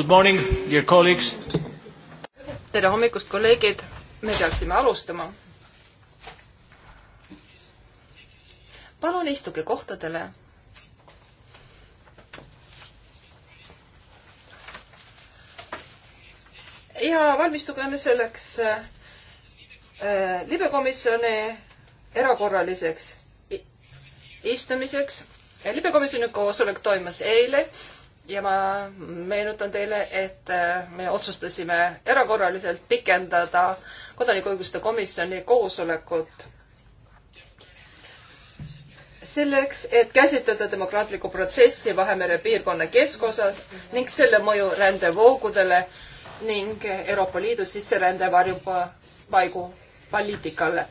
Good morning, dear colleagues. tere hommikust, kolleegid. me peaksime alustama. palun istuge kohtadele. ja valmistugeme selleks äh, libekomisjoni erakorraliseks istumiseks. libekomisjoni koosolek toimus eile ja ma meenutan teile, et äh, me otsustasime erakorraliselt pikendada kodanikuõiguste komisjoni koosolekut selleks, et käsitleda demokraatlikku protsessi Vahemere piirkonna keskosas ning selle mõju rändevoogudele ning Euroopa Liidu sisserände varjupaigu poliitikale.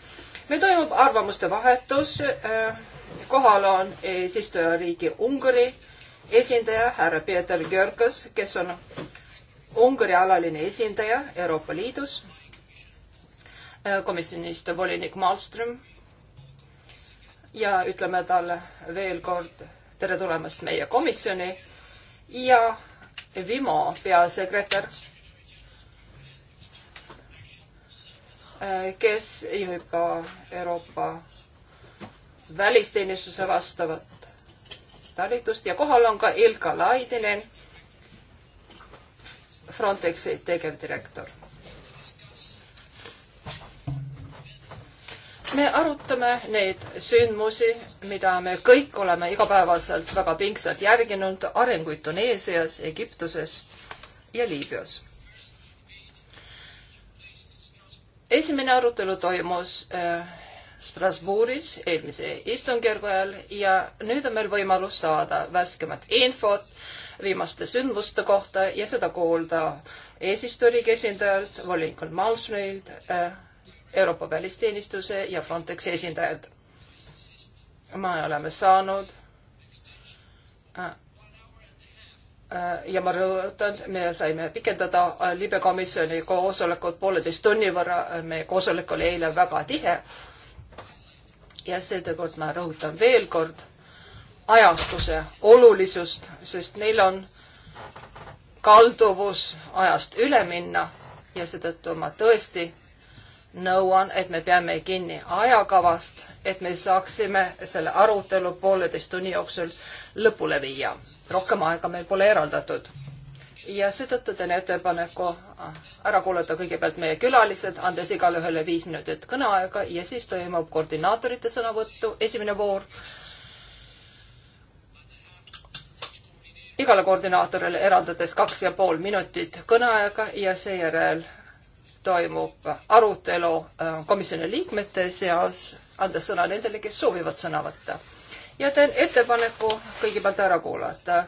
meil toimub arvamuste vahetus, äh, kohal on eesistujariigi Ungari esindaja härra Peeter Görkas, kes on Ungari alaline esindaja Euroopa Liidus, äh, komisjonist volinik Malmström ja ütleme talle veel kord tere tulemast meie komisjoni ja Vimo peasekretär, äh, kes juhib ka Euroopa välisteenistuse vastavat talitust ja kohal on ka Ilka Laidinen, Frontexi tegevdirektor. me arutame neid sündmusi, mida me kõik oleme igapäevaselt väga pingsalt järginud, arenguid Tuneesias, Egiptuses ja Liibüas esimene arutelu toimus äh, Strasbourgis eelmise istungjärgu ajal ja nüüd on meil võimalus saada värskemat infot viimaste sündmuste kohta ja seda kuulda eesistujariigi esindajalt, volinikul Malmströmilt, äh, Euroopa Välisteenistuse ja Frontexi esindajalt. me oleme saanud äh, äh, ja ma rõhutan, me saime pikendada libekomisjoni koosolekut pooleteist tunni võrra, meie koosolek oli eile väga tihe ja seetõttu ma rõhutan veel kord ajastuse olulisust, sest neil on kalduvus ajast üle minna ja seetõttu ma tõesti nõuan, et me peame kinni ajakavast, et me saaksime selle arutelu pooleteist tunni jooksul lõpule viia. rohkem aega meil pole eraldatud ja seetõttu teen ettepaneku äh, ära kuulata kõigepealt meie külalised, andes igale ühele viis minutit kõneaega ja siis toimub koordinaatorite sõnavõttu esimene voor. igale koordinaatorile eraldades kaks ja pool minutit kõneaega ja seejärel toimub arutelu äh, komisjoni liikmete seas, andes sõna nendele, kes soovivad sõna võtta. ja teen ettepaneku kõigepealt ära kuulata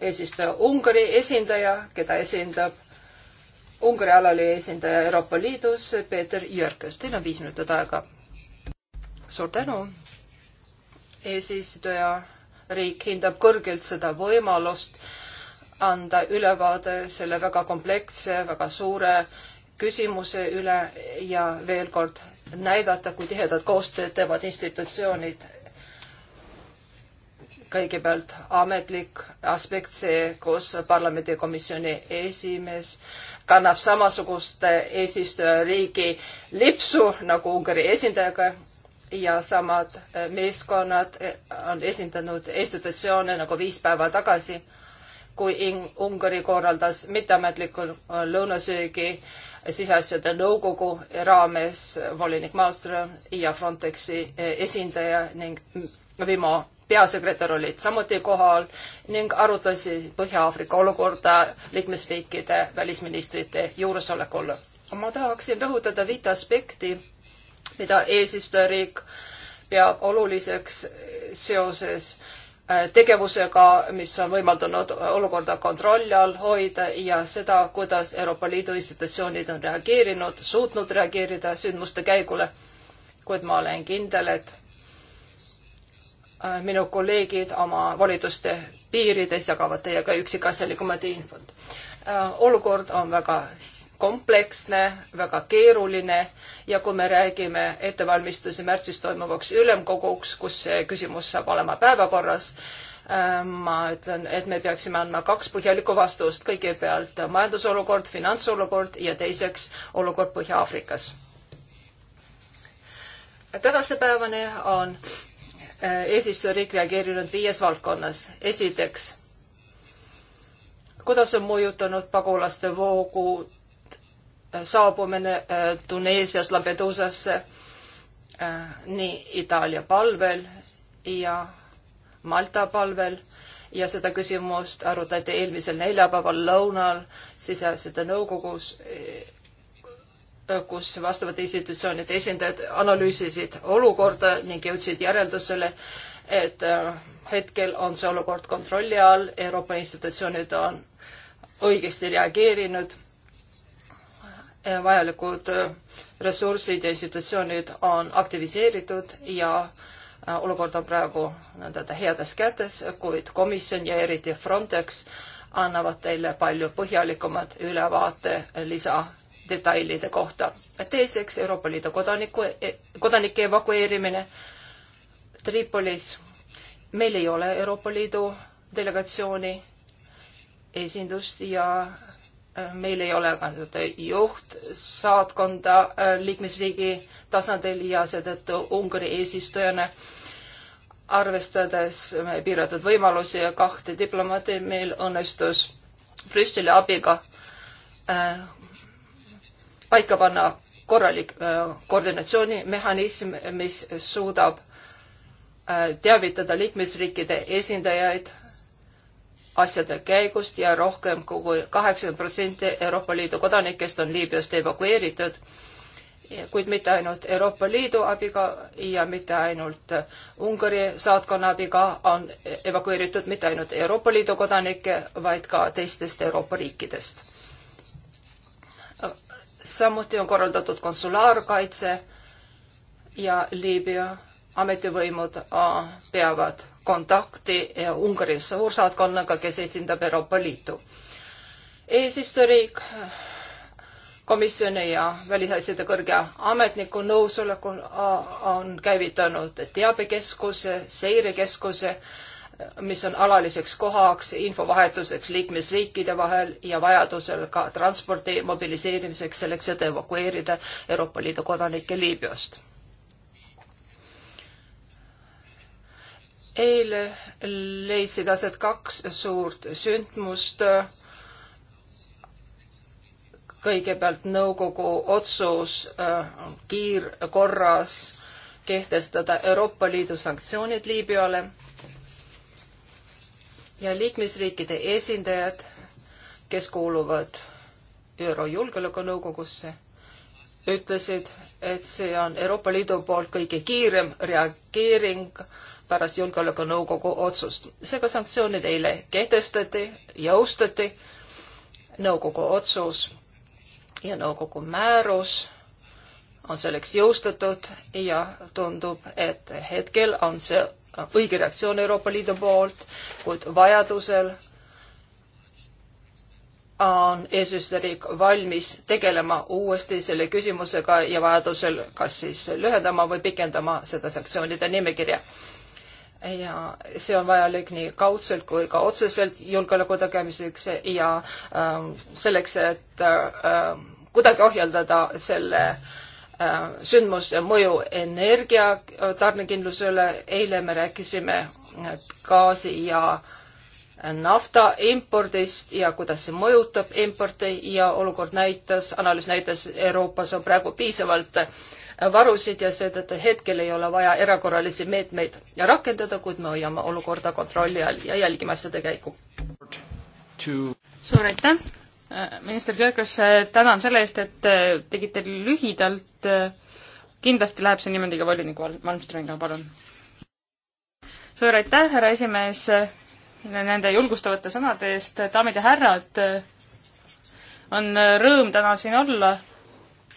eesistuja Ungari esindaja, keda esindab Ungari alali esindaja Euroopa Liidus, Peeter Jörkes. Teil on viis minutit aega. suur tänu, eesistuja. riik hindab kõrgelt seda võimalust anda ülevaade selle väga kompleksse, väga suure küsimuse üle ja veel kord näidata, kui tihedat koostööd teevad institutsioonid kõigepealt ametlik aspekt, see, kus parlamendikomisjoni esimees kannab samasugust eesistujariigi lipsu nagu Ungari esindajaga ja samad eh, meeskonnad eh, on esindanud institutsioone nagu viis päeva tagasi, kui Ungari korraldas mitteametlikul eh, lõunasöögi siseasjade nõukogu raames volinik Malmström ja Frontexi esindaja ning Vimo peasekretär olid samuti kohal ning arutasid Põhja-Aafrika olukorda liikmesriikide välisministrite juuresolekul. ma tahaksin rõhutada viite aspekti, mida eesistujariik peab oluliseks seoses äh, tegevusega, mis on võimaldanud olukorda kontrolli all hoida ja seda, kuidas Euroopa Liidu institutsioonid on reageerinud, suutnud reageerida sündmuste käigule. kuid ma olen kindel, et Äh, minu kolleegid oma voliduste piirides jagavad teiega üksikasjalikumat infot. Äh, olukord on väga kompleksne, väga keeruline ja kui me räägime ettevalmistusi märtsis toimuvaks ülemkoguks, kus see küsimus saab olema päevakorras, äh, ma ütlen, et me peaksime andma kaks põhjalikku vastust, kõigepealt majandusolukord, finantsolukord ja teiseks olukord Põhja-Aafrikas. tänase päevani on Äh, eesistujariik reageerinud viies valdkonnas. esiteks, kuidas on mõjutanud pagulaste voogu äh, saabumine äh, Tuneesiast Lampedusasse nii Itaalia palvel ja Malta palvel ja seda küsimust arutati eelmisel neljapäeval lõunal siseasjade nõukogus kus vastavate institutsioonide esindajad analüüsisid olukorda ning jõudsid järeldusele, et äh, hetkel on see olukord kontrolli all, Euroopa institutsioonid on õigesti reageerinud, äh, vajalikud äh, ressursid ja institutsioonid on aktiviseeritud ja olukord on praegu nii-öelda heades kätes, kuid komisjon ja eriti Frontex annavad teile palju põhjalikumad ülevaate lisa detailide kohta. teiseks, Euroopa Liidu kodaniku, kodanike evakueerimine Tripolis. meil ei ole Euroopa Liidu delegatsiooni esindust ja äh, meil ei ole ka seda juhtsaatkonda äh, liikmesriigi tasandil ja seetõttu Ungari eesistujana arvestades meie piiratud võimalusi ja kahte diplomaati, meil õnnestus Brüsseli abiga äh, paika panna korralik äh, koordinatsioonimehhanism, mis suudab äh, teavitada liikmesriikide esindajaid asjade käigust ja rohkem kui kaheksakümmend protsenti Euroopa Liidu kodanikest on Liibüast evakueeritud, kuid mitte ainult Euroopa Liidu abiga ja mitte ainult äh, Ungari saatkonna abiga on evakueeritud mitte ainult Euroopa Liidu kodanikke, vaid ka teistest Euroopa riikidest samuti on korraldatud konsulaarkaitse ja Liibüa ametivõimud äh, peavad kontakti äh, Ungari suursaatkonnaga, kes esindab Euroopa Liitu. eesistujariik äh, komisjoni ja välisasjade kõrge ametniku nõusolekul on käivitanud teabekeskuse, seirekeskuse mis on alaliseks kohaks infovahetuseks liikmesriikide vahel ja vajadusel ka transpordi mobiliseerimiseks selleks, et evakueerida Euroopa Liidu kodanikke Liibüast. eile leidsid aset kaks suurt sündmust. kõigepealt nõukogu otsus äh, kiirkorras kehtestada Euroopa Liidu sanktsioonid Liibüale ja liikmesriikide esindajad, kes kuuluvad ÜRO Julgeolekunõukogusse, ütlesid, et see on Euroopa Liidu poolt kõige kiirem reageering pärast Julgeolekunõukogu otsust. seega sanktsioonid eile kehtestati, jõustati, nõukogu otsus ja nõukogu määrus on selleks jõustatud ja tundub, et hetkel on see ka õige reaktsioon Euroopa Liidu poolt, kuid vajadusel on eesistujariik valmis tegelema uuesti selle küsimusega ja vajadusel kas siis lühendama või pikendama seda sanktsioonide nimekirja ja see on vajalik nii kaudselt kui ka otseselt julgeoleku tegemiseks ja äh, selleks, et äh, kuidagi ohjeldada selle äh, Äh, sündmus mõju energia tarnekindlusele. eile me rääkisime äh, gaasi ja nafta impordist ja kuidas see mõjutab importi ja olukord näitas, analüüs näitas, Euroopas on praegu piisavalt äh, varusid ja seetõttu hetkel ei ole vaja erakorralisi meetmeid rakendada, kuid me hoiame olukorda kontrolli all ja jälgime asjade käiku. suur aitäh minister Kirkus, tänan selle eest, et äh, tegite lühidalt. Äh, kindlasti läheb see niimoodi ka volinik Malmströmiga, palun. suur aitäh, härra esimees, äh, nende julgustavate sõnade eest. daamid ja härrad, on rõõm täna siin olla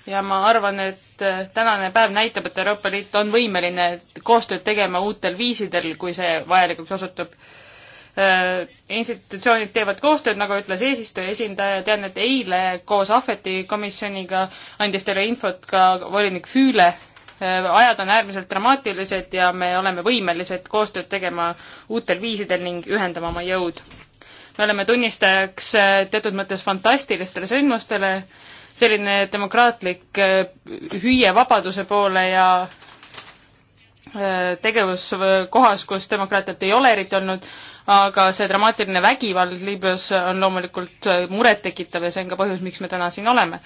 ja ma arvan, et tänane päev näitab, et Euroopa Liit on võimeline koostööd tegema uutel viisidel, kui see vajalikuks osutub Äh, institutsioonid teevad koostööd, nagu ütles eesistuja esindaja, tean, et eile koos Ahveti komisjoniga andis teile infot ka volinik Füüle. Äh, ajad on äärmiselt dramaatilised ja me oleme võimelised koostööd tegema uutel viisidel ning ühendama oma jõud. me oleme tunnistajaks äh, teatud mõttes fantastilistele sündmustele, selline demokraatlik hüüe vabaduse poole ja tegevuskohas, kus demokraatiat ei ole eriti olnud aga see dramaatiline vägivald Liibüas on loomulikult murettekitav ja see on ka põhjus, miks me täna siin oleme.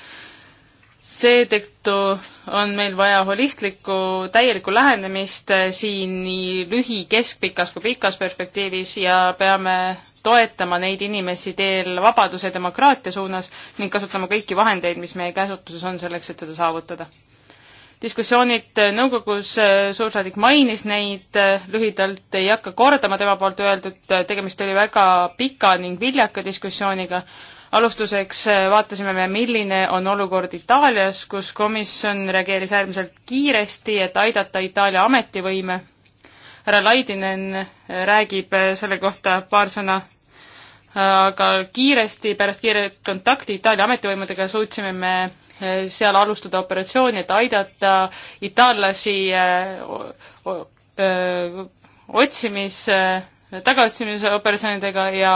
seetõttu on meil vaja holistlikku, täielikku lähenemist siin nii lühi-, keskpikas kui pikas perspektiivis ja peame toetama neid inimesi teel vabaduse ja demokraatia suunas ning kasutama kõiki vahendeid, mis meie käsutuses on selleks, et seda saavutada diskussioonid nõukogus, suursaadik mainis neid äh, lühidalt, ei hakka kordama tema poolt öeldut, äh, tegemist oli väga pika ning viljaka diskussiooniga. alustuseks äh, vaatasime me, milline on olukord Itaalias, kus komisjon reageeris äärmiselt kiiresti, et aidata Itaalia ametivõime. härra Laidinen räägib selle kohta paar sõna aga kiiresti, pärast kiiret kontakti Itaalia ametivõimudega suutsime me eh, seal alustada operatsiooni, et aidata itaallasi eh, eh, otsimis, tagaotsimisoperatsioonidega ja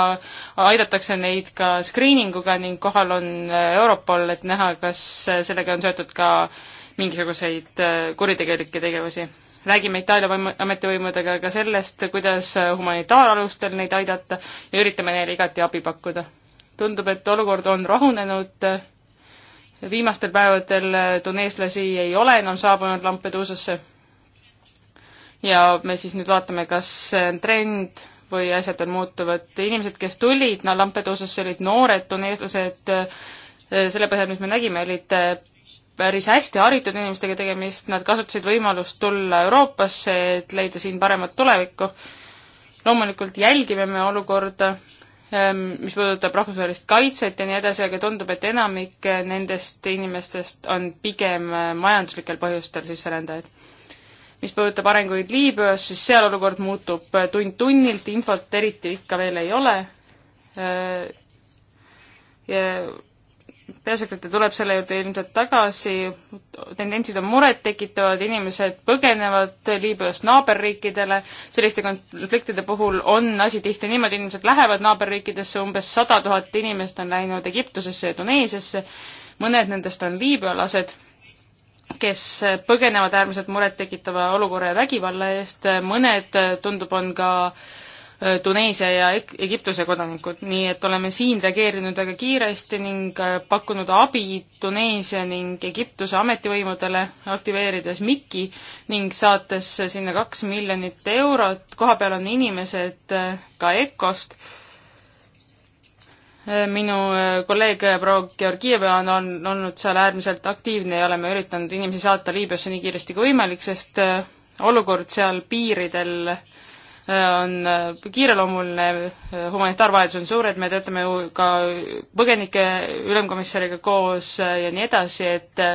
aidatakse neid ka screeninguga ning kohal on Europol, et näha, kas sellega on seotud ka mingisuguseid kuritegelikke tegevusi räägime Itaalia võimu, ametivõimudega ka sellest, kuidas humanitaaralustel neid aidata ja üritame neile igati abi pakkuda. tundub, et olukord on rahunenud, viimastel päevadel tuneeslasi ei ole enam saabunud Lampeduusasse ja me siis nüüd vaatame, kas see on trend või asjad veel muutuvad. inimesed, kes tulid no Lampeduusasse, olid noored tuneeslased, selle põhjal, mis me nägime, olid päris hästi haritud inimestega tegemist, nad kasutasid võimalust tulla Euroopasse, et leida siin paremat tulevikku. loomulikult jälgime me olukorda, ähm, mis puudutab rahvusvahelist kaitset ja nii edasi, aga tundub, et enamik nendest inimestest on pigem äh, majanduslikel põhjustel sisserändajad. mis puudutab arenguid Liibüas, siis seal olukord muutub äh, tund-tunnilt, infot eriti ikka veel ei ole äh, ja peasekretär tuleb selle juurde ilmselt tagasi, tendentsid on murettekitavad, inimesed põgenevad Liibüast naaberriikidele, selliste konfliktide puhul on asi tihti niimoodi, inimesed lähevad naaberriikidesse, umbes sada tuhat inimest on läinud Egiptusesse ja Tuneesiasse, mõned nendest on liibüalased, kes põgenevad äärmiselt murettekitava olukorra ja vägivalla eest, mõned tundub, on ka äh, Äh, Tuneesia ja Egiptuse kodanikud, nii et oleme siin reageerinud väga kiiresti ning äh, pakkunud abi Tuneesia ning Egiptuse ametivõimudele, aktiveerides MIKi ning saates sinna kaks miljonit eurot, kohapeal on inimesed äh, ka EKOst, minu kolleeg proua Georgieva on, on olnud seal äärmiselt aktiivne ja oleme üritanud inimesi saata Liibüasse nii kiiresti kui võimalik, sest olukord seal piiridel äh, on äh, kiireloomuline, äh, humanitaarvajadus on suur, et me töötame ju ka põgenike ülemkomissariga koos äh, ja nii edasi, et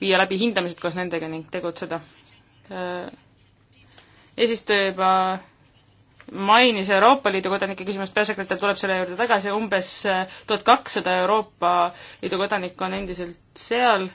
viia läbi hindamised koos nendega ning tegutseda. eesistuja juba mainis Euroopa Liidu kodanike küsimust, peasekretär tuleb selle juurde tagasi, umbes tuhat kakssada Euroopa Liidu kodanikku on endiselt seal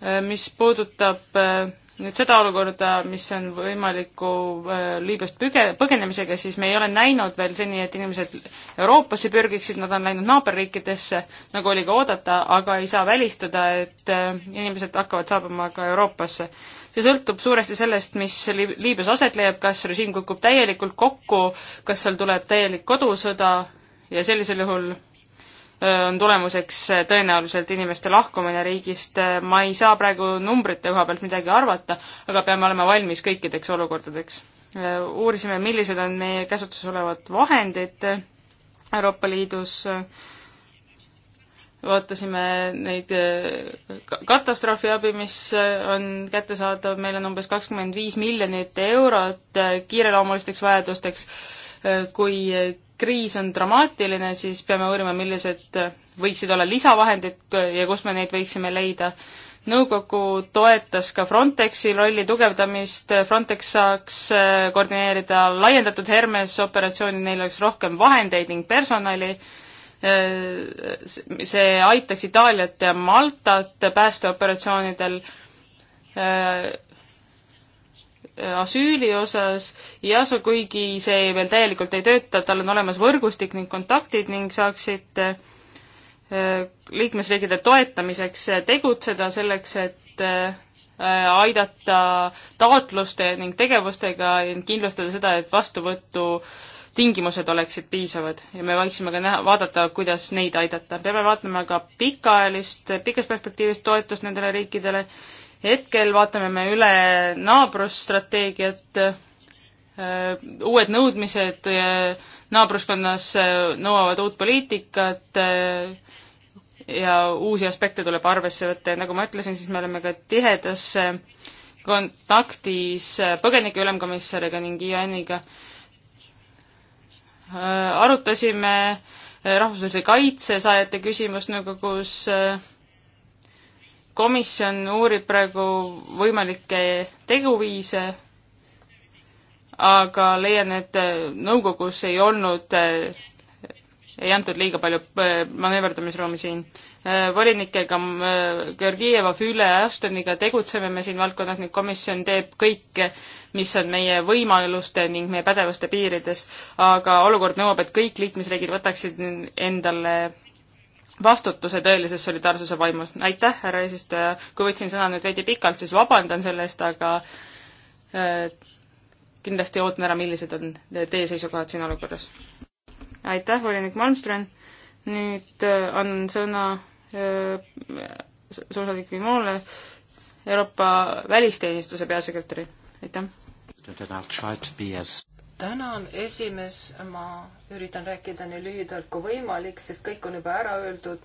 Äh, mis puudutab äh, nüüd seda olukorda, mis on võimaliku äh, Liibüast püge-, põgenemisega, siis me ei ole näinud veel seni, et inimesed Euroopasse pürgiksid, nad on läinud naaberriikidesse, nagu oli ka oodata, aga ei saa välistada, et inimesed hakkavad saabuma ka Euroopasse. see sõltub suuresti sellest, mis Liib-, Liibüas aset leiab, kas režiim kukub täielikult kokku, kas seal tuleb täielik kodusõda ja sellisel juhul on tulemuseks tõenäoliselt inimeste lahkumine riigist. ma ei saa praegu numbrite koha pealt midagi arvata, aga peame olema valmis kõikideks olukordadeks. uurisime, millised on meie käsutuses olevad vahendid Euroopa Liidus, vaatasime neid katastroofiabi, mis on kättesaadav, meil on umbes kakskümmend viis miljonit eurot kiireloomulisteks vajadusteks Äh, kui kriis on dramaatiline, siis peame uurima, millised võiksid olla lisavahendid ja kus me neid võiksime leida. nõukogu toetas ka Frontexi rolli tugevdamist, Frontex saaks äh, koordineerida laiendatud Hermes operatsiooni, neil oleks rohkem vahendeid ning personali, äh, see aitaks Itaaliat ja Maltat päästeoperatsioonidel asüüli osas, IASO, kuigi see veel täielikult ei tööta, tal on olemas võrgustik ning kontaktid ning saaksid äh, liikmesriikide toetamiseks tegutseda, selleks et äh, aidata taotluste ning tegevustega ning kindlustada seda, et vastuvõtu tingimused oleksid piisavad ja me võiksime ka näha, vaadata, kuidas neid aidata. peame vaatama ka pikaajalist, pikas perspektiivis toetust nendele riikidele hetkel vaatame me üle naabrusstrateegiat, äh, uued nõudmised naabruskonnas äh, nõuavad uut poliitikat äh, ja uusi aspekte tuleb arvesse võtta ja nagu ma ütlesin, siis me oleme ka tihedas kontaktis põgenike ülemkomissariga ning IAN-iga. arutasime rahvusvahelise kaitse saajate küsimust nõukogus nagu komisjon uurib praegu võimalikke teguviise, aga leian, et äh, nõukogus ei olnud, äh, ei antud liiga palju äh, manööverdamisruumi siin. volinikega Georgieva, Füüle ja Ashtoniga tegutseme me siin valdkonnas ning komisjon teeb kõike, mis on meie võimaluste ning meie pädevuste piirides, aga olukord nõuab, et kõik liikmesriigid võtaksid endale vastutuse tõelises solidaarsuse vaimus. aitäh, härra eesistuja, kui võtsin sõna nüüd veidi pikalt, siis vabandan selle eest, aga äh, kindlasti ootan ära, millised on teie seisukohad siin olukorras. aitäh, volinik Malmström. nüüd äh, on sõna äh, suursaadik Vimole, Euroopa välisteenistuse peasekretäri. aitäh! tänan, esimees, ma üritan rääkida nii lühidalt kui võimalik, sest kõik on juba ära öeldud.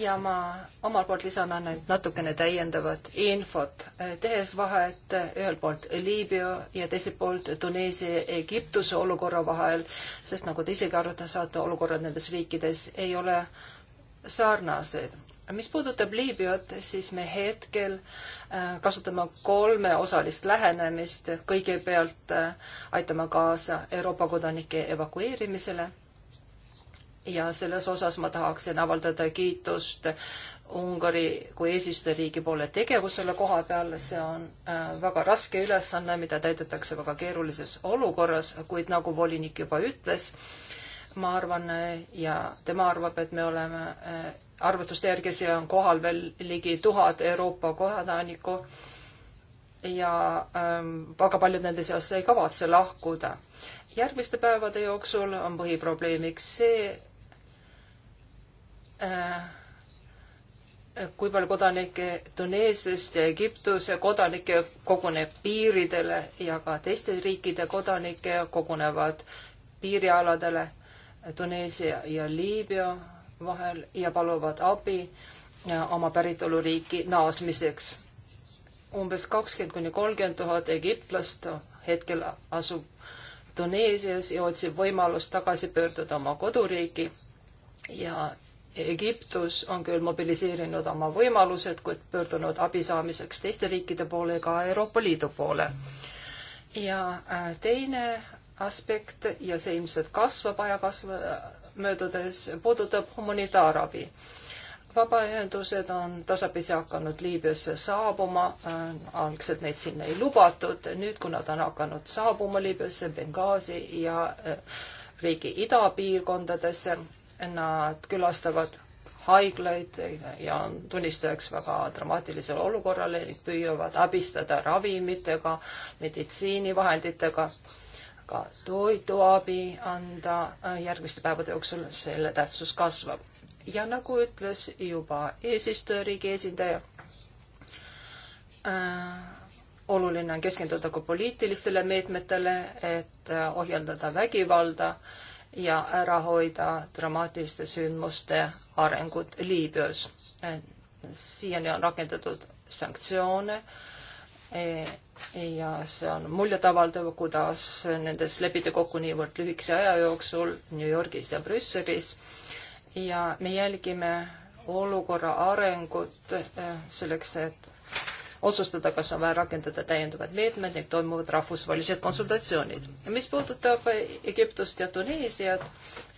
ja ma omalt poolt lisan ainult natukene täiendavat infot, tehes vahet ühelt poolt Liibüa ja teiselt poolt Tuneesia ja Egiptuse olukorra vahel, sest nagu te isegi arutada saate, olukorrad nendes riikides ei ole sarnased mis puudutab Liibüat, siis me hetkel äh, kasutame kolmeosalist lähenemist. kõigepealt äh, aitame kaasa Euroopa kodanike evakueerimisele. ja selles osas ma tahaksin avaldada kiitust Ungari kui eesistujariigi poole tegevusele koha peal, see on äh, väga raske ülesanne, mida täidetakse väga keerulises olukorras, kuid nagu volinik juba ütles, ma arvan ja tema arvab, et me oleme arvutuste järgi siia on kohal veel ligi tuhat Euroopa kodanikku ja ähm, väga paljud nende seast ei kavatse lahkuda. järgmiste päevade jooksul on põhiprobleemiks see äh,, kui palju kodanikke Tuneesiast ja Egiptuse kodanikke koguneb piiridele ja ka teiste riikide kodanikke kogunevad piirialadele Tuneesia ja Liibüa vahel ja paluvad abi oma päritoluriiki naasmiseks. umbes kakskümmend kuni kolmkümmend tuhat egiptlast hetkel asub Tuneesias ja otsib võimalust tagasi pöörduda oma koduriiki ja Egiptus on küll mobiliseerinud oma võimalused, kuid pöördunud abi saamiseks teiste riikide poole, ka Euroopa Liidu poole. ja äh, teine aspekt ja see ilmselt kasvab aja kasv möödudes, puudutab humanitaarabi. vabaühendused on tasapisi hakanud Liibüasse saabuma, äh, algselt neid sinna ei lubatud, nüüd kui nad on hakanud saabuma Liibüasse, Benghazi ja äh, riigi idapiirkondadesse, nad külastavad haiglaid ja on tunnistajaks väga dramaatilisele olukorrale ning püüavad abistada ravimitega, meditsiinivahenditega ka toiduabi anda äh, järgmiste päevade jooksul, selle tähtsus kasvab. ja nagu ütles juba eesistujariigi esindaja äh,, oluline on keskenduda ka poliitilistele meetmetele, et äh, ohjeldada vägivalda ja ära hoida dramaatiliste sündmuste arengut Liibüas. Äh, siiani on rakendatud sanktsioone ja see on muljetavaldav, kuidas nendes lepiti kokku niivõrd lühikese aja jooksul New Yorgis ja Brüsselis ja me jälgime olukorra arengut eh, selleks, et otsustada, kas on vaja rakendada täiendavad meetmed ning toimuvad rahvusvahelised konsultatsioonid. mis puudutab Egiptust ja Tuneesiat,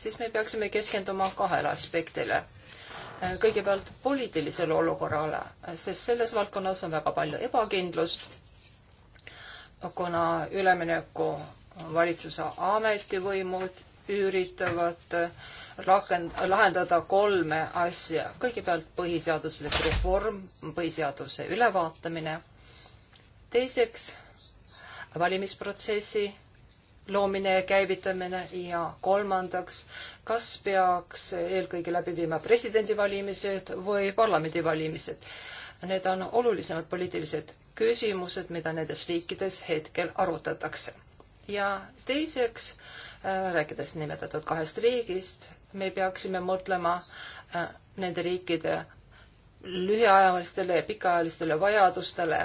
siis me peaksime keskenduma kahele aspektile. kõigepealt poliitilisele olukorrale, sest selles valdkonnas on väga palju ebakindlust kuna ülemineku valitsuse ametivõimud üritavad rakend-, lahendada kolme asja. kõigepealt põhiseaduslik reform, põhiseaduse ülevaatamine, teiseks valimisprotsessi loomine ja käivitamine ja kolmandaks, kas peaks eelkõige läbi viima presidendivalimised või parlamendivalimised. Need on olulisemad poliitilised küsimused, mida nendes riikides hetkel arutatakse. ja teiseks, äh, rääkides nimetatud kahest riigist, me peaksime mõtlema äh, nende riikide lühiajalistele ja pikaajalistele vajadustele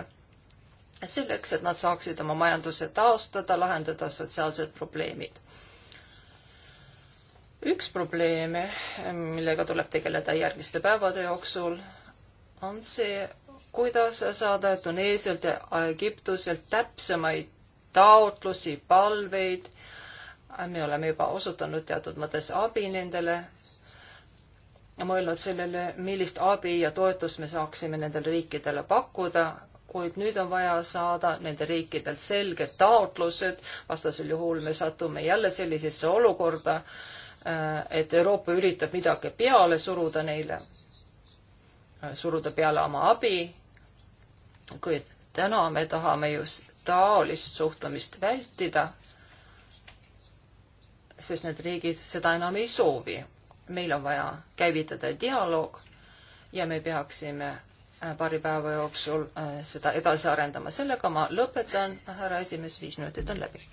selleks, et nad saaksid oma majanduse taastada, lahendada sotsiaalsed probleemid. üks probleeme, millega tuleb tegeleda järgmiste päevade jooksul, on see, kuidas saada Tuneesialt ja Egiptuselt täpsemaid taotlusi, palveid. me oleme juba osutanud teatud mõttes abi nendele, mõelnud sellele, millist abi ja toetust me saaksime nendele riikidele pakkuda, kuid nüüd on vaja saada nende riikidelt selged taotlused, vastasel juhul me satume jälle sellisesse olukorda, äh, et Euroopa üritab midagi peale suruda neile Äh, suruda peale oma abi. kuid täna me tahame just taolist suhtumist vältida, sest need riigid seda enam ei soovi. meil on vaja käivitada dialoog ja me peaksime äh, paari päeva jooksul äh, seda edasi arendama. sellega ma lõpetan, härra esimees, viis minutit on läbi.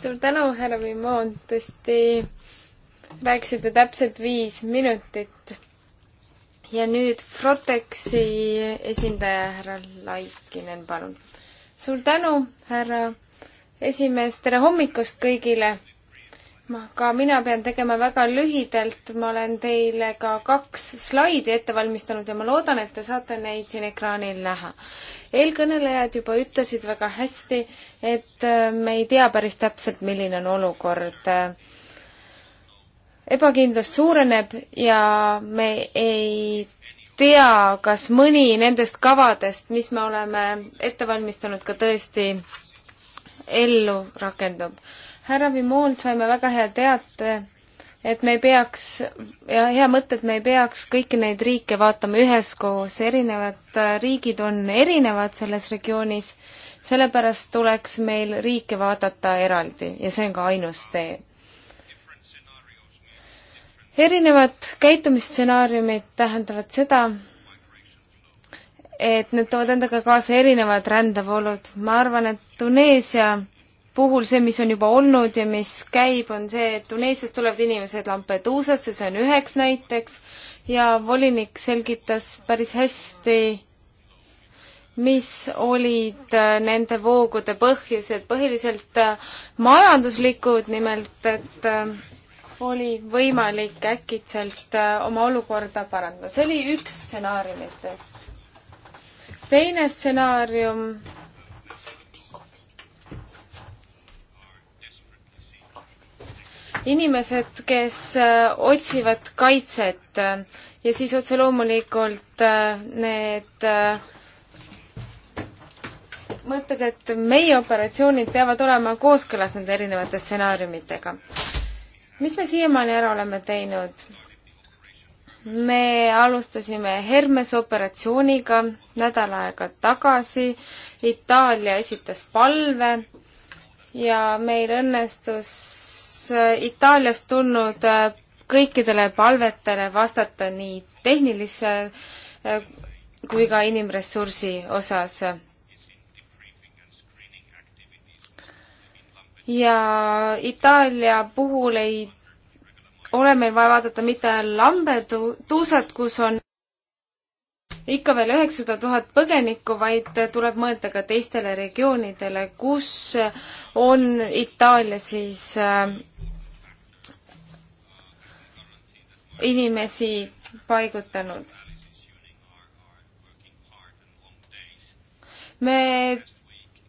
suur tänu, härra Vimond, tõesti rääkisite täpselt viis minutit. ja nüüd Frotexi esindaja härra Laikinen, palun. suur tänu, härra esimees, tere hommikust kõigile! ma, ka mina pean tegema väga lühidalt, ma olen teile ka kaks slaidi ette valmistanud ja ma loodan, et te saate neid siin ekraanil näha. eelkõnelejad juba ütlesid väga hästi, et äh, me ei tea päris täpselt, milline on olukord äh, ebakindlus suureneb ja me ei tea, kas mõni nendest kavadest, mis me oleme ette valmistanud, ka tõesti ellu rakendub. härra Vimoolt saime väga hea teate, et me ei peaks, ja hea mõte, et me ei peaks kõiki neid riike vaatama üheskoos, erinevad äh, riigid on erinevad selles regioonis, sellepärast tuleks meil riike vaadata eraldi ja see on ka ainus tee erinevad käitumisstsenaariumid tähendavad seda, et need toovad endaga kaasa erinevad rändevoolud. ma arvan, et Tuneesia puhul see, mis on juba olnud ja mis käib, on see, et Tuneesiast tulevad inimesed Lampeduusasse, see on üheks näiteks, ja volinik selgitas päris hästi, mis olid äh, nende voogude põhjused, põhiliselt äh, majanduslikud, nimelt et äh, oli võimalik äkitselt äh, oma olukorda parandada. see oli üks stsenaariumitest. teine stsenaarium inimesed, kes äh, otsivad kaitset äh, ja siis otse loomulikult need mõtted, et meie operatsioonid peavad olema kooskõlas nende erinevate stsenaariumitega mis me siiamaani ära oleme teinud? me alustasime Hermes operatsiooniga nädal aega tagasi, Itaalia esitas palve ja meil õnnestus äh, Itaaliast tulnud äh, kõikidele palvetele vastata nii tehnilise äh, kui ka inimressursi osas ja Itaalia puhul ei ole meil vaja vaadata mitte lambetuusat, kus on ikka veel üheksasada tuhat põgenikku, vaid tuleb mõelda ka teistele regioonidele, kus on Itaalia siis äh, inimesi paigutanud. me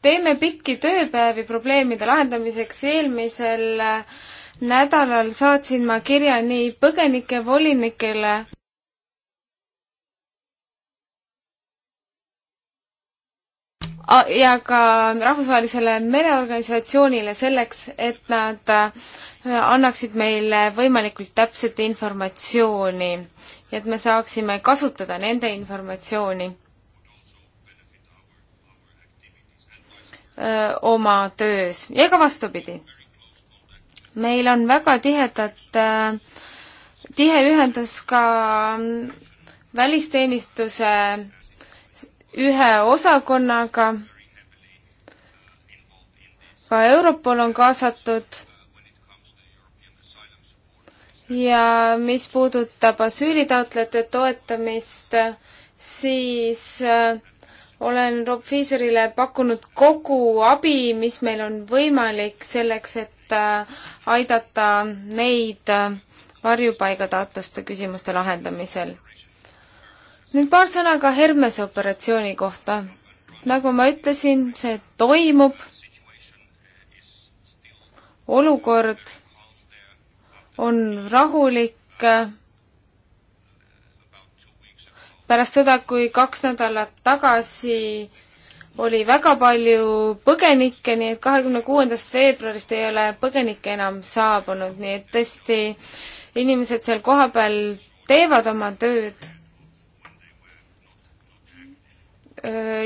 teeme pikki tööpäevi probleemide lahendamiseks, eelmisel äh, nädalal saatsin ma kirja nii põgenikevolinikele ja ka rahvusvahelisele mereorganisatsioonile selleks, et nad äh, annaksid meile võimalikult täpset informatsiooni ja et me saaksime kasutada nende informatsiooni öö, oma töös ja ka vastupidi. meil on väga tihedat, tihe ühendus ka mm, välisteenistuse ühe osakonnaga, ka Europol on kaasatud ja mis puudutab asüülitaotlejate toetamist, siis äh, olen Rob Fieserile pakkunud kogu abi, mis meil on võimalik selleks, et äh, aidata neid äh, varjupaigataotluste küsimuste lahendamisel. nüüd paar sõna ka Hermese operatsiooni kohta. nagu ma ütlesin, see toimub, olukord on rahulik, pärast seda, kui kaks nädalat tagasi oli väga palju põgenikke, nii et kahekümne kuuendast veebruarist ei ole põgenikke enam saabunud, nii et tõesti inimesed seal kohapeal teevad oma tööd.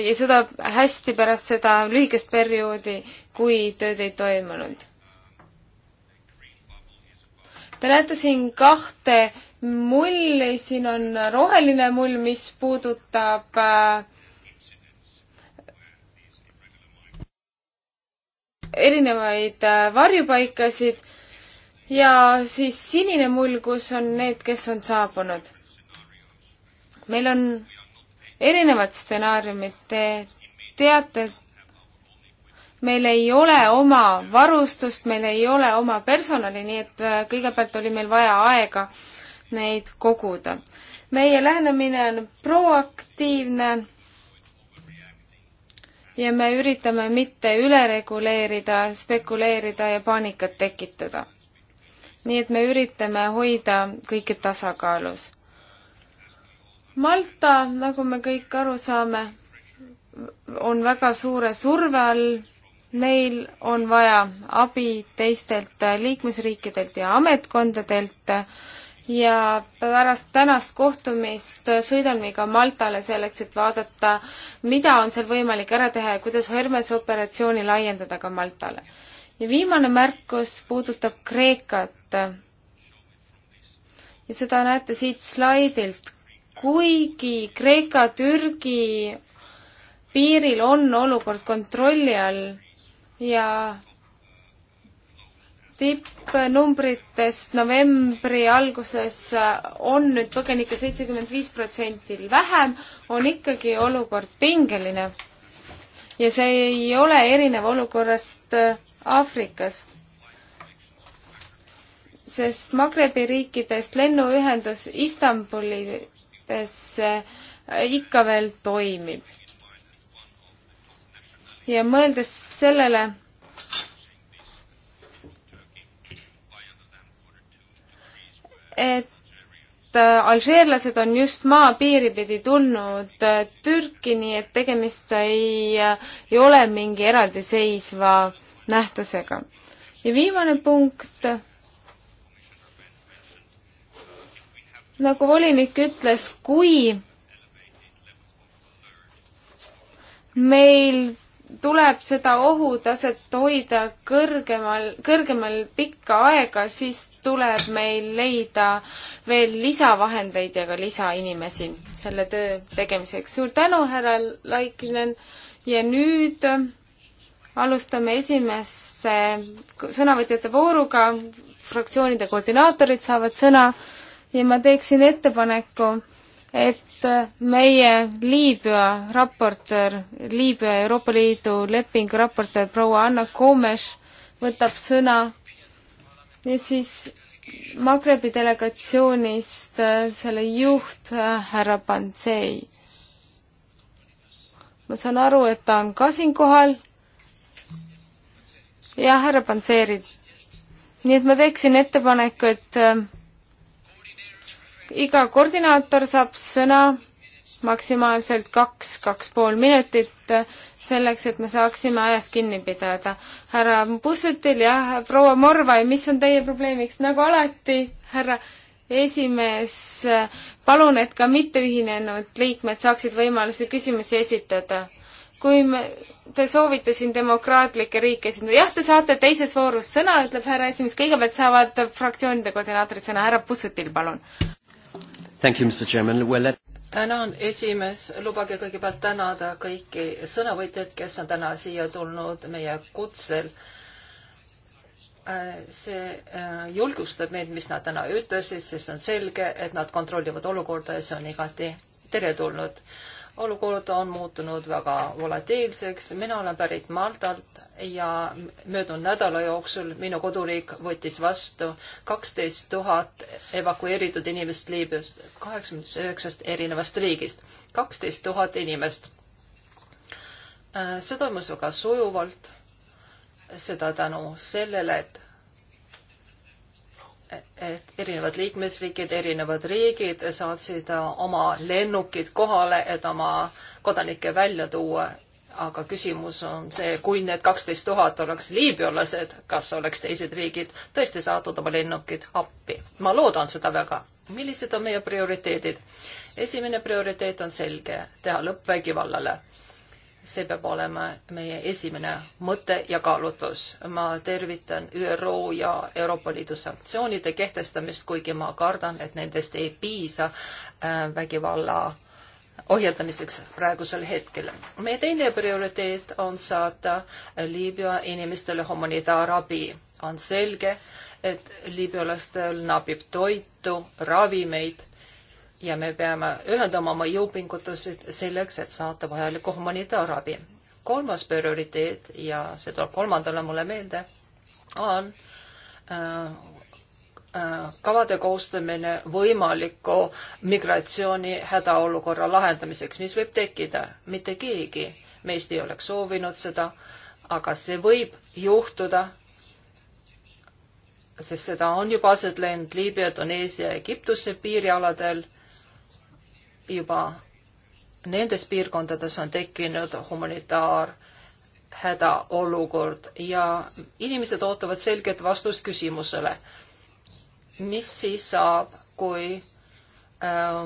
ja seda hästi pärast seda lühikest perioodi, kui tööd ei toimunud. Te näete siin kahte mulli, siin on roheline mull, mis puudutab äh, erinevaid äh, varjupaikasid ja siis sinine mull, kus on need, kes on saabunud. meil on erinevad stsenaariumid, te teate, meil ei ole oma varustust, meil ei ole oma personali, nii et äh, kõigepealt oli meil vaja aega äh, neid koguda. meie lähenemine on proaktiivne ja me üritame mitte üle reguleerida, spekuleerida ja paanikat tekitada. nii et me üritame hoida kõike tasakaalus. Malta, nagu me kõik aru saame, on väga suure surve all, neil on vaja abi teistelt liikmesriikidelt ja ametkondadelt, ja pärast tänast kohtumist sõidan mingi Maltale selleks, et vaadata, mida on seal võimalik ära teha ja kuidas Hermes operatsiooni laiendada ka Maltale. ja viimane märkus puudutab Kreekat. ja seda näete siit slaidilt. kuigi Kreeka-Türgi piiril on olukord kontrolli all ja tippnumbritest novembri alguses on nüüd põgenikke seitsekümmend viis protsenti vähem, on ikkagi olukord pingeline. ja see ei ole erinev olukorrast äh, Aafrikas. sest Magrebi riikidest lennuühendus Istanbulidesse äh, ikka veel toimib. ja mõeldes sellele, et äh, alžeerlased on just maapiiri pidi tulnud äh, Türki, nii et tegemist ei, äh, ei ole mingi eraldiseisva nähtusega. ja viimane punkt. nagu volinik ütles, kui meil tuleb seda ohutaset hoida kõrgemal, kõrgemal pikka aega, siis tuleb meil leida veel lisavahendeid ja ka lisainimesi selle töö tegemiseks. suur tänu, härra Laikinen ja nüüd alustame esimese sõnavõtjate vooruga. fraktsioonide koordinaatorid saavad sõna ja ma teeksin ettepaneku, et Äh, meie Liibüa raportöör, Liibüa Euroopa Liidu lepingu raportöör proua Anna Komes võtab sõna ja siis Magrebi delegatsioonist äh, selle juht äh, härra Pansei. ma saan aru, et ta on ka siin kohal. jah, härra Panseri. nii et ma teeksin ettepaneku, et iga koordinaator saab sõna maksimaalselt kaks, kaks pool minutit, selleks et me saaksime ajast kinni pidada. härra Pussutil ja proua Morvai, mis on teie probleemiks? nagu alati, härra esimees, palun, et ka mitteühinenud liikmed saaksid võimaluse küsimusi esitada. kui me, te soovite siin demokraatlikke riike esindada, jah, te saate teises voorus sõna, ütleb härra esimees, kõigepealt saavad fraktsioonide koordinaatorid sõna, härra Pussutil, palun Well, let... tänan, esimees, lubage kõigepealt tänada kõiki sõnavõtjaid, kes on täna siia tulnud meie kutsel. Äh, see äh, julgustab meid, mis nad täna ütlesid, sest on selge, et nad kontrollivad olukorda ja see on igati teretulnud olukord on muutunud väga volatiilseks. mina olen pärit Maltalt ja möödunud nädala jooksul minu koduriik võttis vastu kaksteist tuhat evakueeritud inimest Liibüast, kaheksakümnest üheksast erinevast riigist. kaksteist tuhat inimest. Äh, see toimus väga sujuvalt, seda tänu sellele, et et erinevad liikmesriigid, erinevad riigid saatsid äh, oma lennukid kohale, et oma kodanikke välja tuua. aga küsimus on see, kui need kaksteist tuhat oleks liibüalased, kas oleks teised riigid tõesti saatnud oma lennukid appi? ma loodan seda väga. millised on meie prioriteedid? esimene prioriteet on selge, teha lõpp vägivallale see peab olema meie esimene mõte ja kaalutlus. ma tervitan ÜRO ja Euroopa Liidu sanktsioonide kehtestamist, kuigi ma kardan, et nendest ei piisa äh, vägivalla ohjeldamiseks praegusel hetkel. meie teine prioriteet on saada Liibüa inimestele humanitaarabi. on selge, et liibüalastel napib toitu, ravimeid ja me peame ühendama oma jõupingutused selleks, et saata vajalikku humanitaarabi. kolmas prioriteet ja see tuleb kolmandale mulle meelde, on äh, äh, kavade koostamine võimaliku migratsiooni hädaolukorra lahendamiseks, mis võib tekkida. mitte keegi meist ei oleks soovinud seda, aga see võib juhtuda, sest seda on juba aset läinud Liibüa, Tuneesia, Egiptuse piirialadel juba nendes piirkondades on tekkinud humanitaar hädaolukord ja inimesed ootavad selget vastust küsimusele, mis siis saab, kui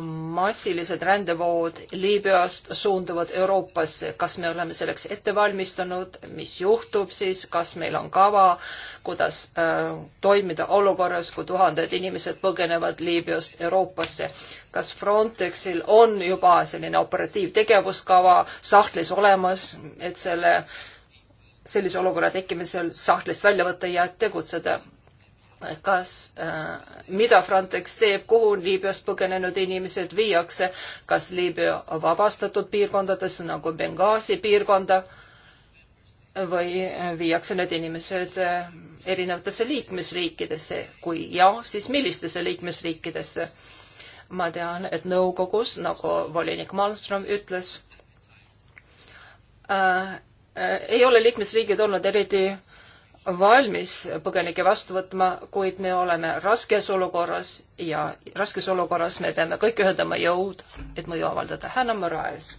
massilised rändevood Liibüast suunduvad Euroopasse, kas me oleme selleks ette valmistunud, mis juhtub siis, kas meil on kava, kuidas äh, toimida olukorras, kui tuhanded inimesed põgenevad Liibüast Euroopasse. kas Frontexil on juba selline operatiivtegevuskava sahtlis olemas, et selle, sellise olukorra tekkimisel sahtlist välja võtta ja tegutseda? kas äh,, mida Frontex teeb, kuhu Liibüast põgenenud inimesed viiakse, kas Liibüa vabastatud piirkondadesse nagu Benghazi piirkonda või äh, viiakse need inimesed äh, erinevatesse liikmesriikidesse, kui jah, siis millistesse liikmesriikidesse? ma tean, et nõukogus, nagu volinik Malmström ütles äh,, äh, ei ole liikmesriigid olnud eriti äh, valmis põgenikke vastu võtma, kuid me oleme raskes olukorras ja raskes olukorras me peame kõik ühendama jõud, et mõju avaldada. Hanna Moraes.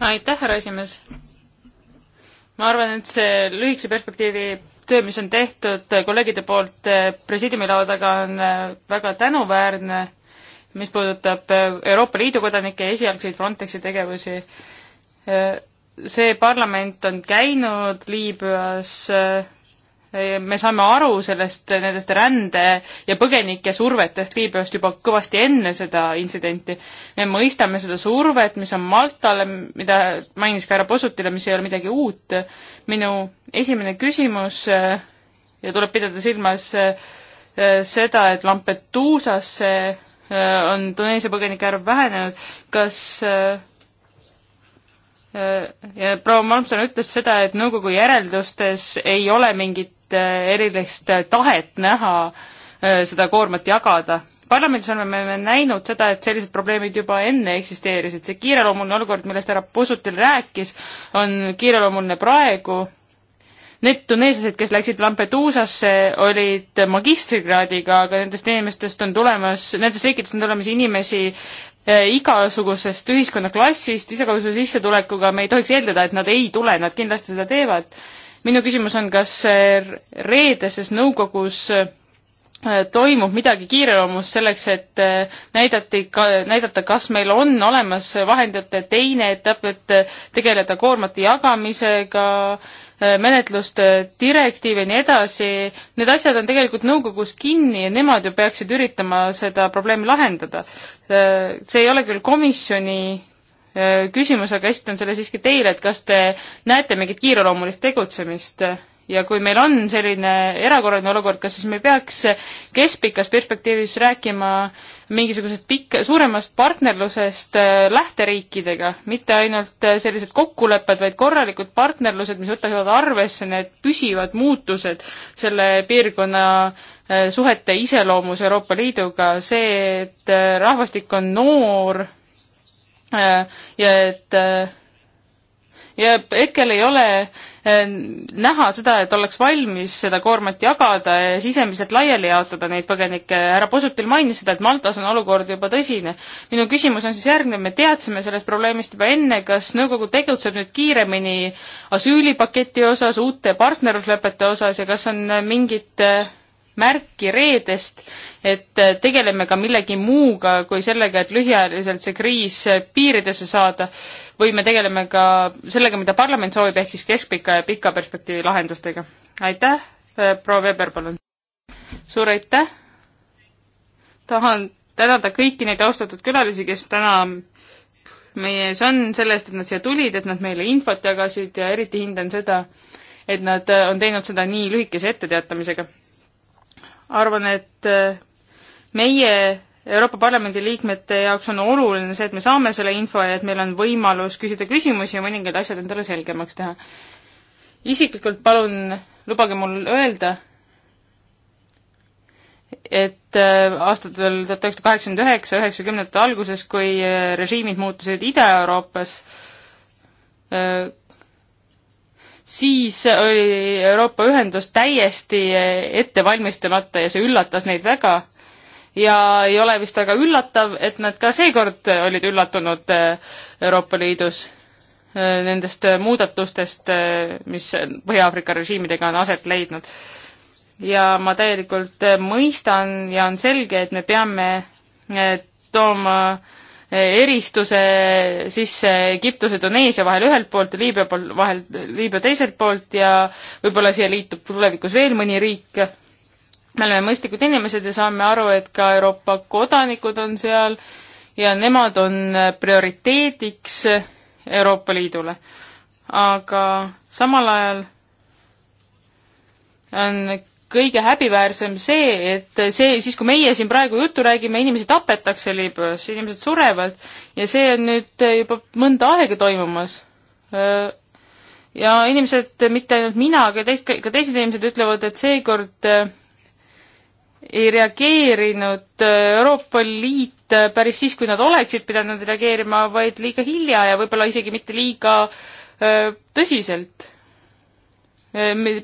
aitäh, härra esimees. ma arvan, et see lühikese perspektiivi töö, mis on tehtud kolleegide poolt eh, presiidiumi laua taga, on eh, väga tänuväärne, mis puudutab eh, Euroopa Liidu kodanike esialgseid Frontexi tegevusi see parlament on käinud Liibüas, äh, me saame aru sellest, nendest rände ja põgenike survetest Liibüast juba kõvasti enne seda intsidenti. me mõistame seda survet, mis on Maltale, mida mainis ka härra Posutile, mis ei ole midagi uut. minu esimene küsimus äh, ja tuleb pidada silmas äh, seda, et Lampeduusasse on Tuneesia põgenike arv vähenenud, kas Äh, ja proua Malmson ütles seda, et nõukogu järeldustes ei ole mingit äh, erilist äh, tahet näha seda koormat jagada. parlamendis oleme me näinud seda, et sellised probleemid juba enne eksisteerisid, see kiireloomuline olukord, millest härra Posutil rääkis, on kiireloomuline praegu, Need tuneeslased, kes läksid Lampeduusasse, olid magistrikraadiga, aga nendest inimestest on tulemas, nendest riikidest on tulemas inimesi Eh, igasugusest ühiskonnaklassist, igasuguse sissetulekuga, me ei tohiks eeldada, et nad ei tule, nad kindlasti seda teevad. minu küsimus on, kas eh, reedeses nõukogus eh, toimub midagi kiireloomust selleks, et näidati ka, näidata, kas meil on olemas vahendite teine etapp, et tegeleda koormate jagamisega äh,, Äh, menetlust, äh, direktiive ja nii edasi, need asjad on tegelikult nõukogus kinni ja nemad ju peaksid üritama seda probleemi lahendada. Äh, see ei ole küll komisjoni küsimus, aga esitan selle siiski teile, et kas te näete mingit kiireloomulist tegutsemist ja kui meil on selline erakorraline olukord, kas siis me peaks keskpikas perspektiivis rääkima äh, mingisugusest pikk, suuremast partnerlusest äh, lähteriikidega, mitte ainult äh, sellised kokkulepped, vaid korralikud partnerlused, mis võtavad arvesse need püsivad muutused selle piirkonna äh, suhete iseloomus Euroopa Liiduga, see, et rahvastik on noor ja et ja hetkel ei ole Ehm, näha seda, et oleks valmis seda koormat jagada ja sisemiselt laiali jaotada neid põgenikke. härra Posutil mainis seda, et Maltas on olukord juba tõsine. minu küsimus on siis järgnev, me teadsime sellest probleemist juba enne, kas nõukogu tegutseb nüüd kiiremini asüülipaketi osas, uute partnerluslepete osas ja kas on mingit äh, märki reedest, et äh, tegeleme ka millegi muuga kui sellega, et lühiajaliselt see kriis äh, piiridesse saada või me tegeleme ka sellega, mida parlament soovib, ehk siis keskpika ja pika perspektiivi lahendustega. aitäh, äh, proua Weber, palun. suur aitäh. tahan tänada kõiki neid austatud külalisi, kes täna meie ees on, selle eest, et nad siia tulid, et nad meile infot jagasid ja eriti hindan seda, et nad on teinud seda nii lühikese etteteatamisega arvan, et eh, meie Euroopa Parlamendi liikmete jaoks on oluline see, et me saame selle info ja et meil on võimalus küsida küsimusi ja mõningad asjad endale selgemaks teha. isiklikult palun lubage mul öelda, et eh, aastatel tuhat üheksasada kaheksakümmend üheksa, üheksakümnendate alguses, kui eh, režiimid muutusid Ida-Euroopas, siis oli Euroopa Ühendus täiesti ette valmistamata ja see üllatas neid väga. ja ei ole vist väga üllatav, et nad ka seekord olid üllatunud eh, Euroopa Liidus eh, nendest eh, muudatustest, mis Põhja-Aafrika režiimidega on aset leidnud. ja ma täielikult mõistan ja on selge, et me peame tooma äh, eristuse sisse Egiptuse, Tuneesia vahel ühelt poolt ja Liibüa pool, vahel, Liibüa teiselt poolt ja võib-olla siia liitub tulevikus veel mõni riik. me oleme mõistlikud inimesed ja saame aru, et ka Euroopa kodanikud on seal ja nemad on prioriteediks Euroopa Liidule. aga samal ajal on kõige häbiväärsem see, et see, siis kui meie siin praegu juttu räägime, inimesi tapetakse Liibüas, inimesed surevad ja see on nüüd juba mõnda aega toimumas. ja inimesed, mitte ainult mina, aga teist, ka teised inimesed ütlevad, et seekord ei reageerinud Euroopa Liit päris siis, kui nad oleksid pidanud reageerima, vaid liiga hilja ja võib-olla isegi mitte liiga äh, tõsiselt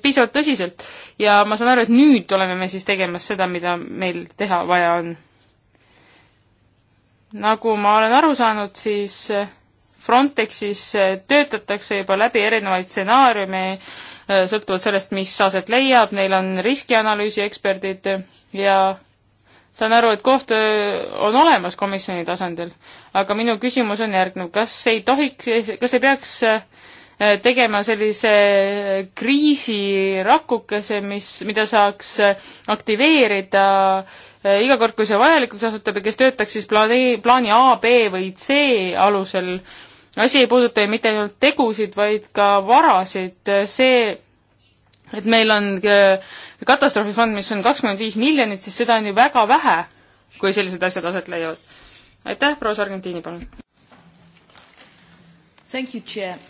piisavalt tõsiselt ja ma saan aru, et nüüd oleme me siis tegemas seda, mida meil teha vaja on. nagu ma olen aru saanud, siis Frontexis töötatakse juba läbi erinevaid stsenaariume, äh, sõltuvalt sellest, mis aset leiab, neil on riskianalüüsi eksperdid ja saan aru, et koht äh, on olemas komisjoni tasandil, aga minu küsimus on järgnev, kas ei tohiks, kas ei peaks äh, Äh, tegema sellise kriisirakukese, mis, mida saaks aktiveerida äh, iga kord, kui see vajalikuks osutub ja kes töötaks siis plaani, plaani A, B või C alusel. asi ei puuduta ju mitte ainult tegusid, vaid ka varasid, see et meil on äh, katastroofifond, mis on kakskümmend viis miljonit, siis seda on ju väga vähe, kui sellised asjad aset leiavad. aitäh, proua Sargentini, palun! Thank you, Chair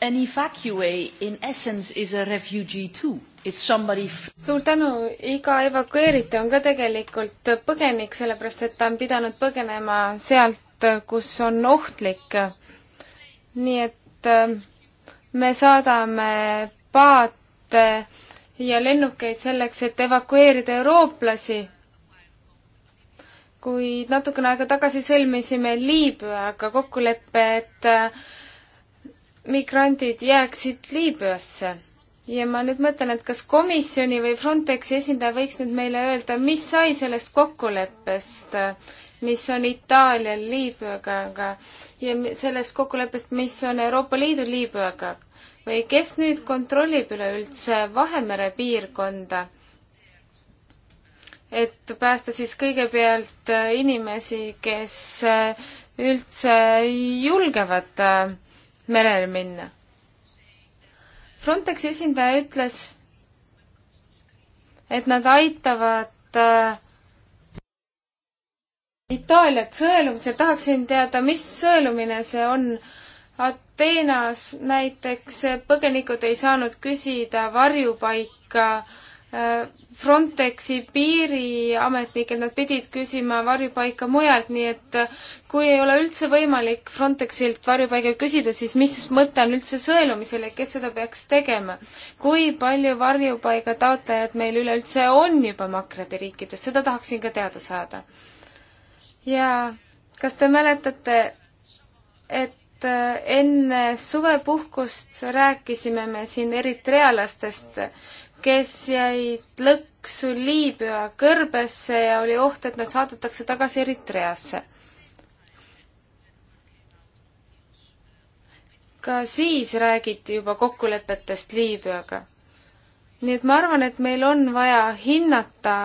an evacuee in essence is a refugee too. It's somebody suur tänu, iga evakueeritu on ka tegelikult põgenik, sellepärast et ta on pidanud põgenema sealt, kus on ohtlik. nii et ähm, me saadame paate ja lennukeid selleks, et evakueerida eurooplasi kuid natukene aega tagasi sõlmisime Liibüaga kokkuleppe, et äh, migrandid jääksid Liibüasse. ja ma nüüd mõtlen, et kas komisjoni või Frontexi esindaja võiks nüüd meile öelda, mis sai sellest kokkuleppest, mis on Itaalial Liibüaga ja sellest kokkuleppest, mis on Euroopa Liidu Liibüaga või kes nüüd kontrollib üleüldse Vahemere piirkonda? et päästa siis kõigepealt inimesi, kes üldse julgevad äh, merele minna. Frontexi esindaja ütles, et nad aitavad äh, Itaaliat sõelumisel, tahaksin teada, mis sõelumine see on. Ateenas näiteks põgenikud ei saanud küsida varjupaika äh, Frontexi piiriametnikel, nad pidid küsima varjupaika mujalt, nii et kui ei ole üldse võimalik Frontexilt varjupaiga küsida, siis mis mõte on üldse sõelumisel ja kes seda peaks tegema? kui palju varjupaiga taotlejad meil üleüldse on juba Maghrebi riikides, seda tahaksin ka teada saada. ja kas te mäletate, et äh, enne suvepuhkust rääkisime me siin eritrealastest kes jäid lõksu Liibüa kõrbesse ja oli oht, et nad saadetakse tagasi Eritreasse. ka siis räägiti juba kokkulepetest Liibüaga. nii et ma arvan, et meil on vaja hinnata,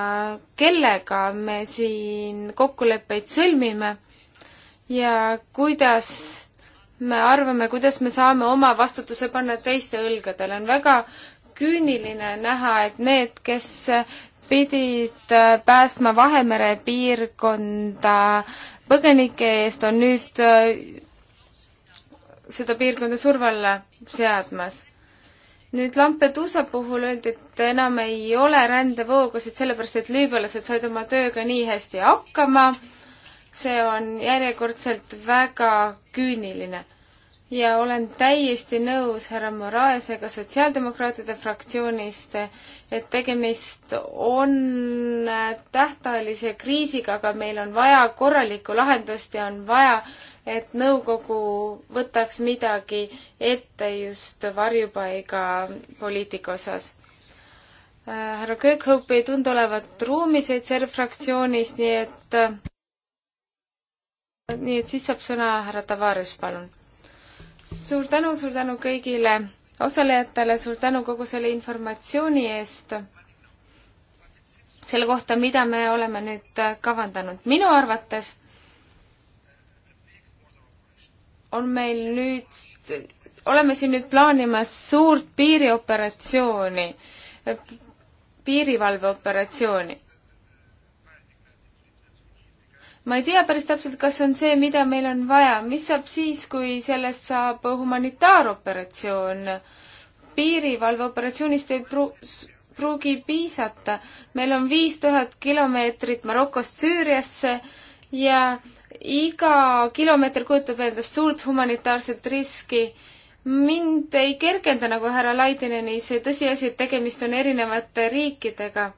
kellega me siin kokkuleppeid sõlmime ja kuidas me arvame, kuidas me saame oma vastutuse panna teiste õlgadele, on väga küüniline näha, et need, kes pidid äh, päästma Vahemere piirkonda põgenike eest, on nüüd äh, seda piirkonda surve alla seadmas. nüüd Lampedusa puhul öeldi, et enam ei ole rändevoogusid, sellepärast et liibüalased said oma tööga nii hästi hakkama. see on järjekordselt väga küüniline ja olen täiesti nõus härra Moraesega Sotsiaaldemokraatide fraktsioonist, et tegemist on tähtajalise kriisiga, aga meil on vaja korralikku lahendust ja on vaja, et nõukogu võtaks midagi ette just varjupaiga poliitika osas härra Köökhoop ei tundu olevat ruumis ETSR fraktsioonist, nii et, nii et siis saab sõna härra Tavares, palun suur tänu, suur tänu kõigile osalejatele, suur tänu kogu selle informatsiooni eest selle kohta, mida me oleme nüüd äh, kavandanud. minu arvates on meil nüüd, oleme siin nüüd plaanimas suurt piirioperatsiooni, piirivalveoperatsiooni ma ei tea päris täpselt, kas see on see, mida meil on vaja. mis saab siis, kui sellest saab humanitaaroperatsioon? piirivalveoperatsioonist ei pru-, pruugi piisata. meil on viis tuhat kilomeetrit Marokost Süüriasse ja iga kilomeeter kujutab endast suurt humanitaarset riski. mind ei kergenda nagu härra Laidineni see tõsiasi, et tegemist on erinevate riikidega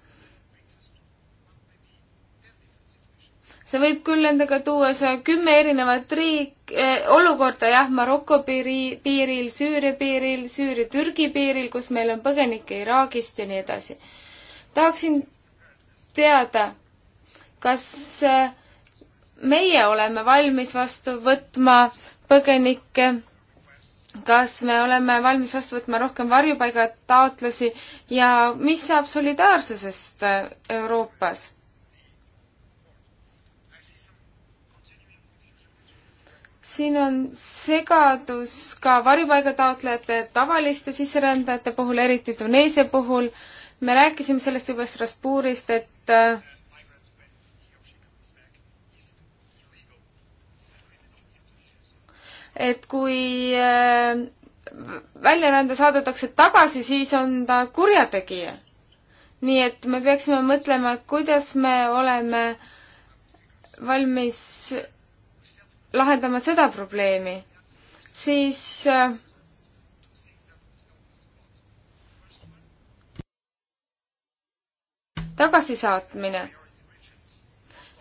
see võib küll endaga tuua see kümme erinevat riik eh,, olukorda jah, Maroko piiri, piiril, Süüria piiril, Süüria-Türgi piiril, kus meil on põgenikke Iraagist ja nii edasi. tahaksin teada, kas eh, meie oleme valmis vastu võtma põgenikke, kas me oleme valmis vastu võtma rohkem varjupaigataotlusi ja mis saab solidaarsusest eh, Euroopas? siin on segadus ka varjupaigataotlejate tavaliste sisserändajate puhul, eriti Tuneesia puhul. me rääkisime sellest juba Strasbourgist, et et kui äh, väljarände saadetakse tagasi, siis on ta kurjategija. nii et me peaksime mõtlema, kuidas me oleme valmis lahendama seda probleemi, siis äh, tagasisaatmine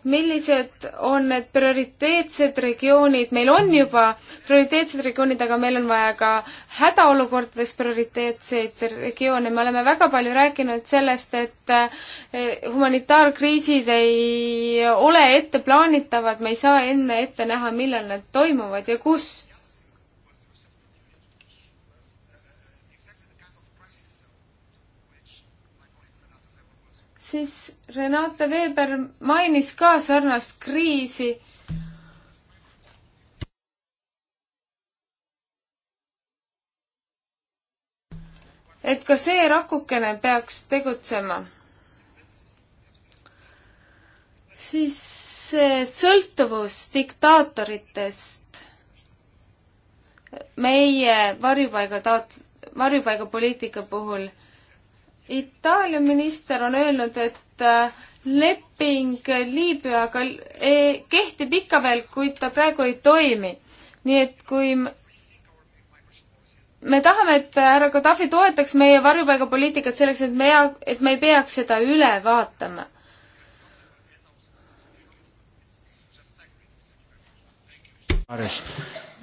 millised on need prioriteetsed regioonid, meil on juba prioriteetsed regioonid, aga meil on vaja ka hädaolukordades prioriteetseid regioone, me oleme väga palju rääkinud sellest, et eh, humanitaarkriisid ei ole etteplaanitavad, me ei saa enne ette näha, millal need toimuvad ja kus siis Renate Veber mainis ka sarnast kriisi. et ka see rakukene peaks tegutsema. siis see sõltuvus diktaatoritest meie varjupaiga taot-, varjupaigapoliitika puhul Itaalia minister on öelnud, et äh, leping Liibüaga e, kehtib ikka veel, kuid ta praegu ei toimi. nii et kui me tahame, et härra Gaddafi toetaks meie varjupaigapoliitikat selleks, et me, et me ei peaks seda üle vaatama.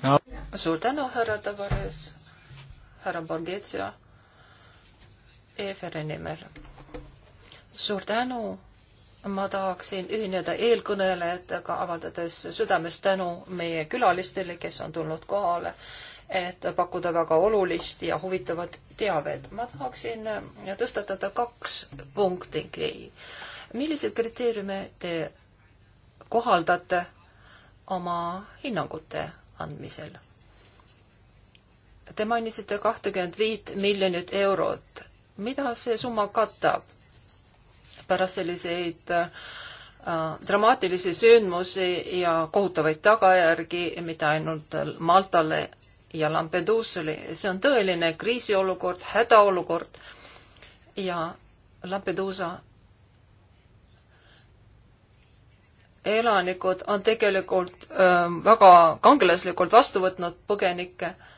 No. suur tänu, härra Tavares, härra Borghezio EFR-i nimel. suur tänu. ma tahaksin ühineda eelkõnelejatega, avaldades südamest tänu meie külalistele, kes on tulnud kohale, et pakkuda väga olulist ja huvitavat teavet. ma tahaksin tõstatada kaks punkti. milliseid kriteeriume te kohaldate oma hinnangute andmisel? Te mainisite kahtekümmet viit miljonit eurot mida see summa katab pärast selliseid äh, dramaatilisi sündmusi ja kohutavaid tagajärgi mitte ainult Maltale ja Lampedusale. see on tõeline kriisiolukord, hädaolukord ja Lampedusa elanikud on tegelikult äh, väga kangelaslikult vastu võtnud põgenikke äh,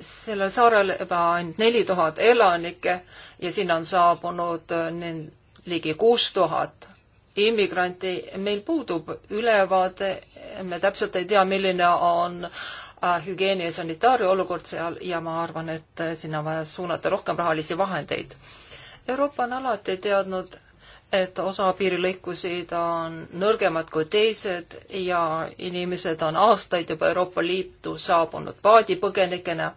sellel saarel juba ainult neli tuhat elanikke ja sinna on saabunud äh, ligi kuus tuhat immigranti. meil puudub ülevaade, me täpselt ei tea, milline on äh, hügieeni ja sanitaaria olukord seal ja ma arvan, et äh, sinna on vaja suunata rohkem rahalisi vahendeid. Euroopa on alati teadnud, et osa piirilõikusid on nõrgemad kui teised ja inimesed on aastaid juba Euroopa Liitu saabunud paadipõgenikena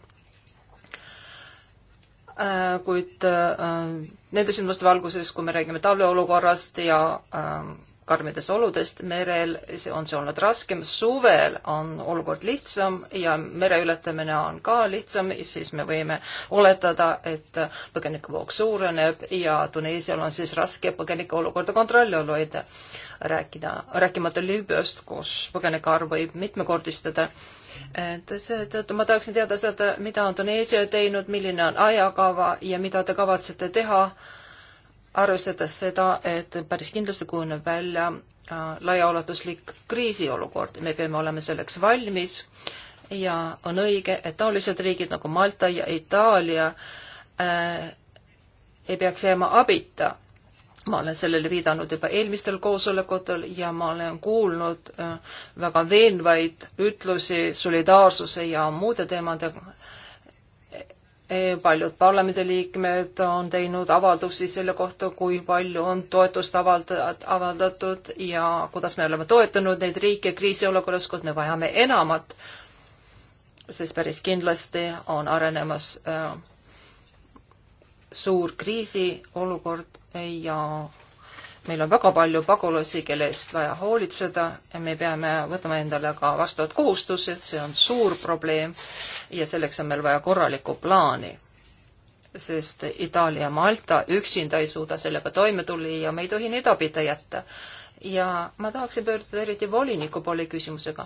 Äh, kuid äh, nende sündmuste valguses, kui me räägime talveolukorrast ja ähm, karmidest oludest merel, on see olnud raskem. suvel on olukord lihtsam ja mere ületamine on ka lihtsam, siis me võime oletada, et põgenikevoog suureneb ja Tuneesial on siis raske põgenike olukorda kontrolli all hoida. rääkida, rääkimata Liibüast, kus põgenike arv võib mitmekordistuda seetõttu ma tahaksin teada seda, mida on Tuneesia teinud, milline on ajakava ja mida te kavatsete teha, arvestades seda, et päris kindlasti kujuneb välja äh, laiaulatuslik kriisiolukord. me peame olema selleks valmis ja on õige, et taolised riigid nagu Malta ja Itaalia äh, ei peaks jääma abita ma olen sellele viidanud juba eelmistel koosolekutel ja ma olen kuulnud äh, väga veenvaid ütlusi solidaarsuse ja muude teemadega. E-, e-, paljud parlamendiliikmed on teinud avaldusi selle kohta, kui palju on toetust avaldatud ja kuidas me oleme toetanud neid riike kriisiolukorras, kus me vajame enamat, sest päris kindlasti on arenemas äh, suur kriisiolukord ja meil on väga palju pagulasi, kelle eest vaja hoolitseda ja me peame võtma endale ka vastavad kohustused, see on suur probleem ja selleks on meil vaja korralikku plaani. sest Itaalia ja Malta üksinda ei suuda sellega toime tulla ja me ei tohi neid abita jätta. ja ma tahaksin pöörduda eriti voliniku poole küsimusega.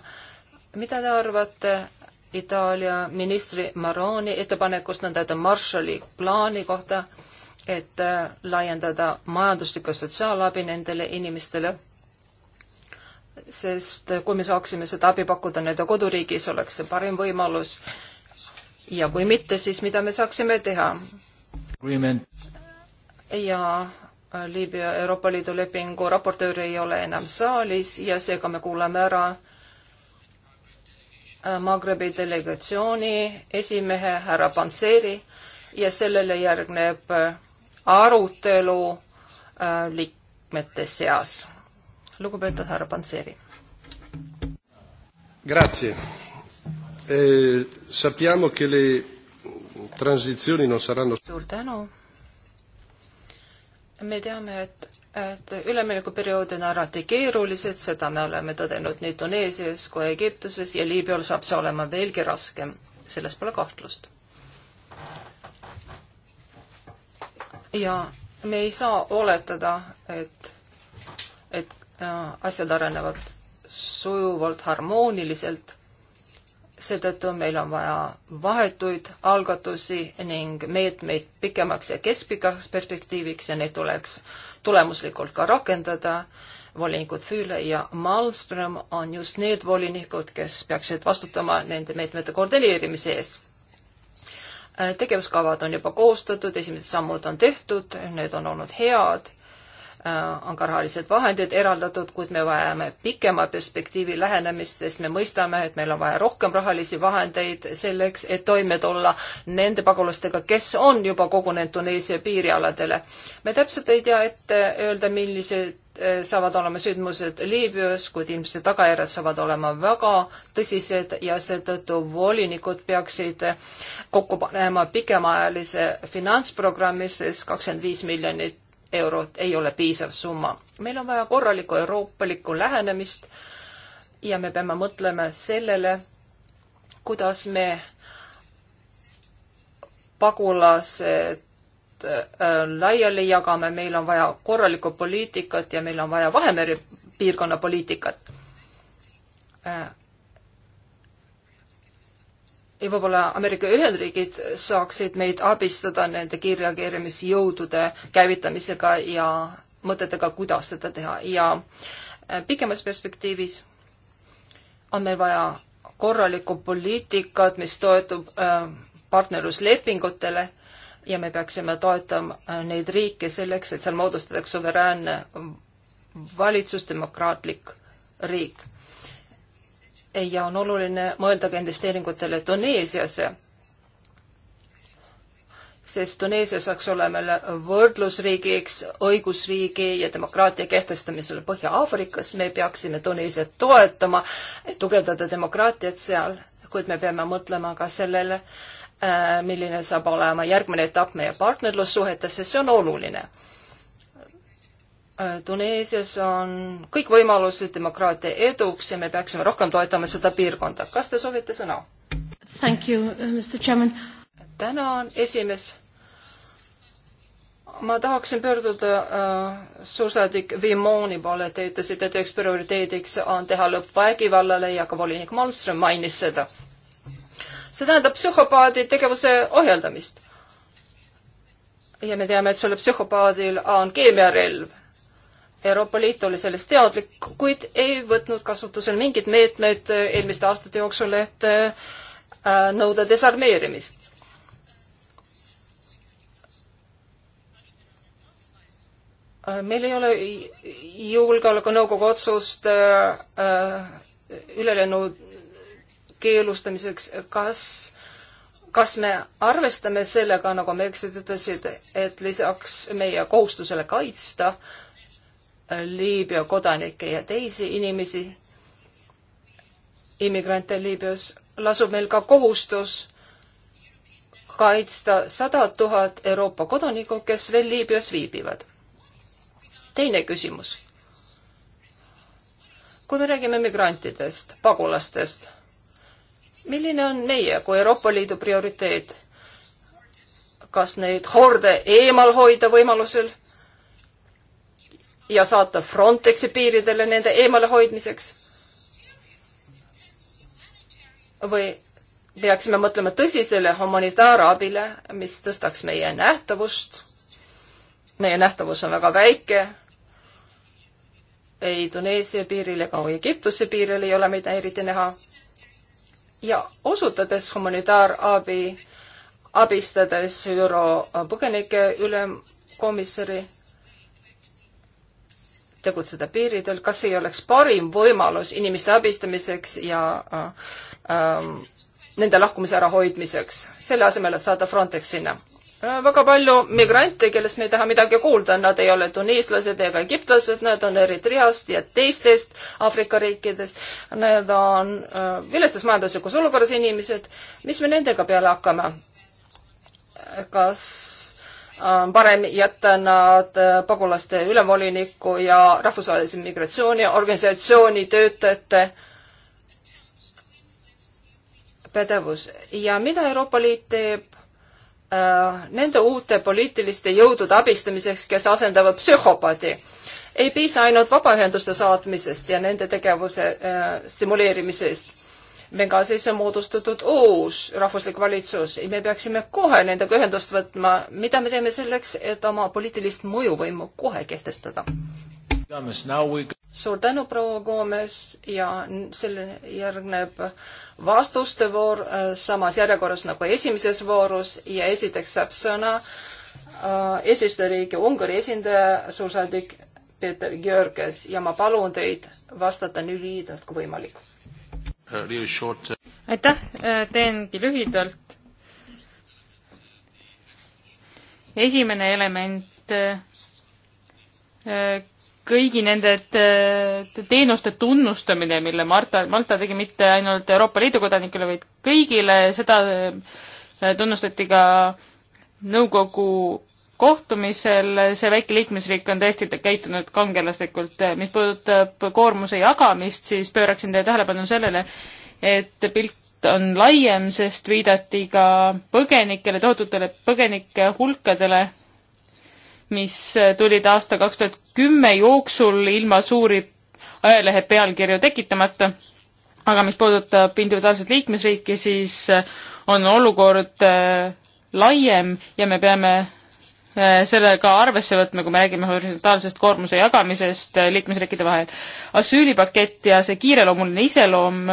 mida te arvate Itaalia ministri Maroni ettepanekust nõnda-öelda Marshalli plaani kohta, et äh, laiendada majanduslikku sotsiaalabi nendele inimestele, sest äh, kui me saaksime seda abi pakkuda nende koduriigis, oleks see parim võimalus. ja kui mitte, siis mida me saaksime teha? ja äh, Liibüa Euroopa Liidu lepingu raportööri ei ole enam saalis ja seega me kuulame ära Magrebi delegatsiooni esimehe härra Panseri ja sellele järgneb äh, arutelu äh, liikmete seas. lugupeetud härra Panseri. Grazie eh,. Sappiamo che le transizioni non saranno. suur tänu. me teame, et et üleminekuperioodid on alati keerulised, seda me oleme tõdenud nii Tuneesias kui Egiptuses ja Liibüal saab see olema veelgi raskem, selles pole kahtlust. ja me ei saa oletada, et, et äh, asjad arenevad sujuvalt, harmooniliselt seetõttu meil on vaja vahetuid algatusi ning meetmeid pikemaks ja keskpikaks perspektiiviks ja neid tuleks tulemuslikult ka rakendada. volinikud Füüle ja Malmström on just need volinikud, kes peaksid vastutama nende meetmete koordineerimise ees. tegevuskavad on juba koostatud, esimesed sammud on tehtud, need on olnud head Äh, on ka rahalised vahendid eraldatud, kuid me vajame pikema perspektiivi lähenemist, sest me mõistame, et meil on vaja rohkem rahalisi vahendeid selleks, et toime tulla nende pagulastega, kes on juba kogunenud Tuneesia piirialadele. me täpselt ei tea ette öelda, millised äh, saavad olema sündmused Liibüas, kuid ilmselt tagajärjed saavad olema väga tõsised ja seetõttu volinikud peaksid kokku panema pikemaajalise finantsprogrammi, sest kakskümmend viis miljonit eurot ei ole piisav summa. meil on vaja korralikku euroopalikku lähenemist ja me peame mõtlema sellele, kuidas me pagulased äh, laiali jagame, meil on vaja korralikku poliitikat ja meil on vaja Vahemere piirkonna poliitikat äh, ja võib-olla Ameerika Ühendriigid saaksid meid abistada nende kiirreageerimisjõudude käivitamisega ja mõtetega, kuidas seda teha ja äh, pikemas perspektiivis on meil vaja korralikku poliitikat, mis toetub äh, partnerluslepingutele ja me peaksime toetama äh, neid riike selleks, et seal moodustatakse suveräänne valitsus, demokraatlik riik ja on oluline mõelda ka investeeringutele Tuneesiasse sest Tuneesia saaks olema võrdlusriigiks õigusriigi ja demokraatia kehtestamisele Põhja-Aafrikas. me peaksime Tuneesiat toetama, et tugevdada demokraatiat seal, kuid me peame mõtlema ka sellele, äh, milline saab olema järgmine etapp meie partnerlussuhetes, sest see on oluline Äh, Tuneesias on kõik võimalused demokraatia eduks ja me peaksime rohkem toetama seda piirkonda. kas te soovite sõna? Uh, tänan, esimees. ma tahaksin pöörduda äh, suursaadik Vimoni poole, te ütlesite, et üheks prioriteediks on teha lõpp vägivallale ja ka volinik Malmström mainis seda. see tähendab psühhopaadi tegevuse ohjeldamist ja me teame, et sellel psühhopaadil on keemiarelv Euroopa Liit oli sellest teadlik, kuid ei võtnud kasutusele mingeid meetmeid äh, eelmiste aastate jooksul, et äh, äh, nõuda desarmeerimist. meil ei ole julgeolekunõukogu otsust ülelennu keelustamiseks, kas kas me arvestame sellega, nagu Merksid ütlesid, et lisaks meie kohustusele kaitsta äh, Liibüa kodanikke ja teisi inimesi, immigrante Liibüas, lasub meil ka kohustus kaitsta sada tuhat Euroopa kodanikku, kes veel Liibüas viibivad. teine küsimus. kui me räägime migrantidest, pagulastest, milline on meie kui Euroopa Liidu prioriteet? kas neid horde eemal hoida võimalusel ja saata Frontexi piiridele nende eemalehoidmiseks? või peaksime mõtlema tõsisele humanitaarabile, mis tõstaks meie nähtavust. meie nähtavus on väga väike. ei Tuneesia piiril ega Egiptuse piiril ei ole meid eriti näha. ja osutades humanitaarabi, abistades ÜRO põgenike ülemkomissari tegutseda piiridel, kas ei oleks parim võimalus inimeste abistamiseks ja äh, ähm, nende lahkumise ärahoidmiseks, selle asemel, et saada Frontex sinna äh,? väga palju migrante, kellest me ei taha midagi kuulda, nad ei ole tuniislased ega egiptlased, nad on Eritreast ja teistest Aafrika riikidest, need on äh, viletsas majanduslikus olukorras inimesed, mis me nendega peale hakkame? kas on äh, parem jätta nad äh, pagulaste ülemvoliniku ja rahvusvahelise migratsiooniorganisatsiooni töötajate pädevus ja mida Euroopa Liit teeb äh, nende uute poliitiliste jõudude abistamiseks, kes asendavad psühhopaadi. ei piisa ainult vabaühenduste saatmisest ja nende tegevuse äh, stimuleerimisest Benghazis on moodustatud uus rahvuslik valitsus ja me peaksime kohe nendega ühendust võtma. mida me teeme selleks, et oma poliitilist mõjuvõimu kohe kehtestada? suur tänu, proua Gomes ja selle järgneb vastuste voor äh, samas järjekorras nagu esimeses voorus ja esiteks saab sõna äh, eesistujariigi Ungari esindaja, suursaadik Peeter Georges ja ma palun teid vastata nii lühidalt kui võimalik. Uh, aitäh, äh, teengi lühidalt. esimene element, äh, äh, kõigi nende teenuste tunnustamine, mille Marta, Malta tegi mitte ainult Euroopa Liidu kodanikele, vaid kõigile, seda tunnustati ka nõukogu kohtumisel see väike liikmesriik on tõesti käitunud kangelaslikult. mis puudutab koormuse jagamist, siis pööraksin teie tähelepanu sellele, et pilt on laiem, sest viidati ka põgenikele, tohututele põgenike hulkadele, mis tulid aasta kaks tuhat kümme jooksul ilma suuri ajalehe pealkirju tekitamata. aga mis puudutab individuaalset liikmesriiki, siis on olukord äh, laiem ja me peame Äh, selle ka arvesse võtma, kui me räägime horisontaalsest koormuse jagamisest äh, liikmesriikide vahel. asüülipakett ja see kiireloomuline iseloom,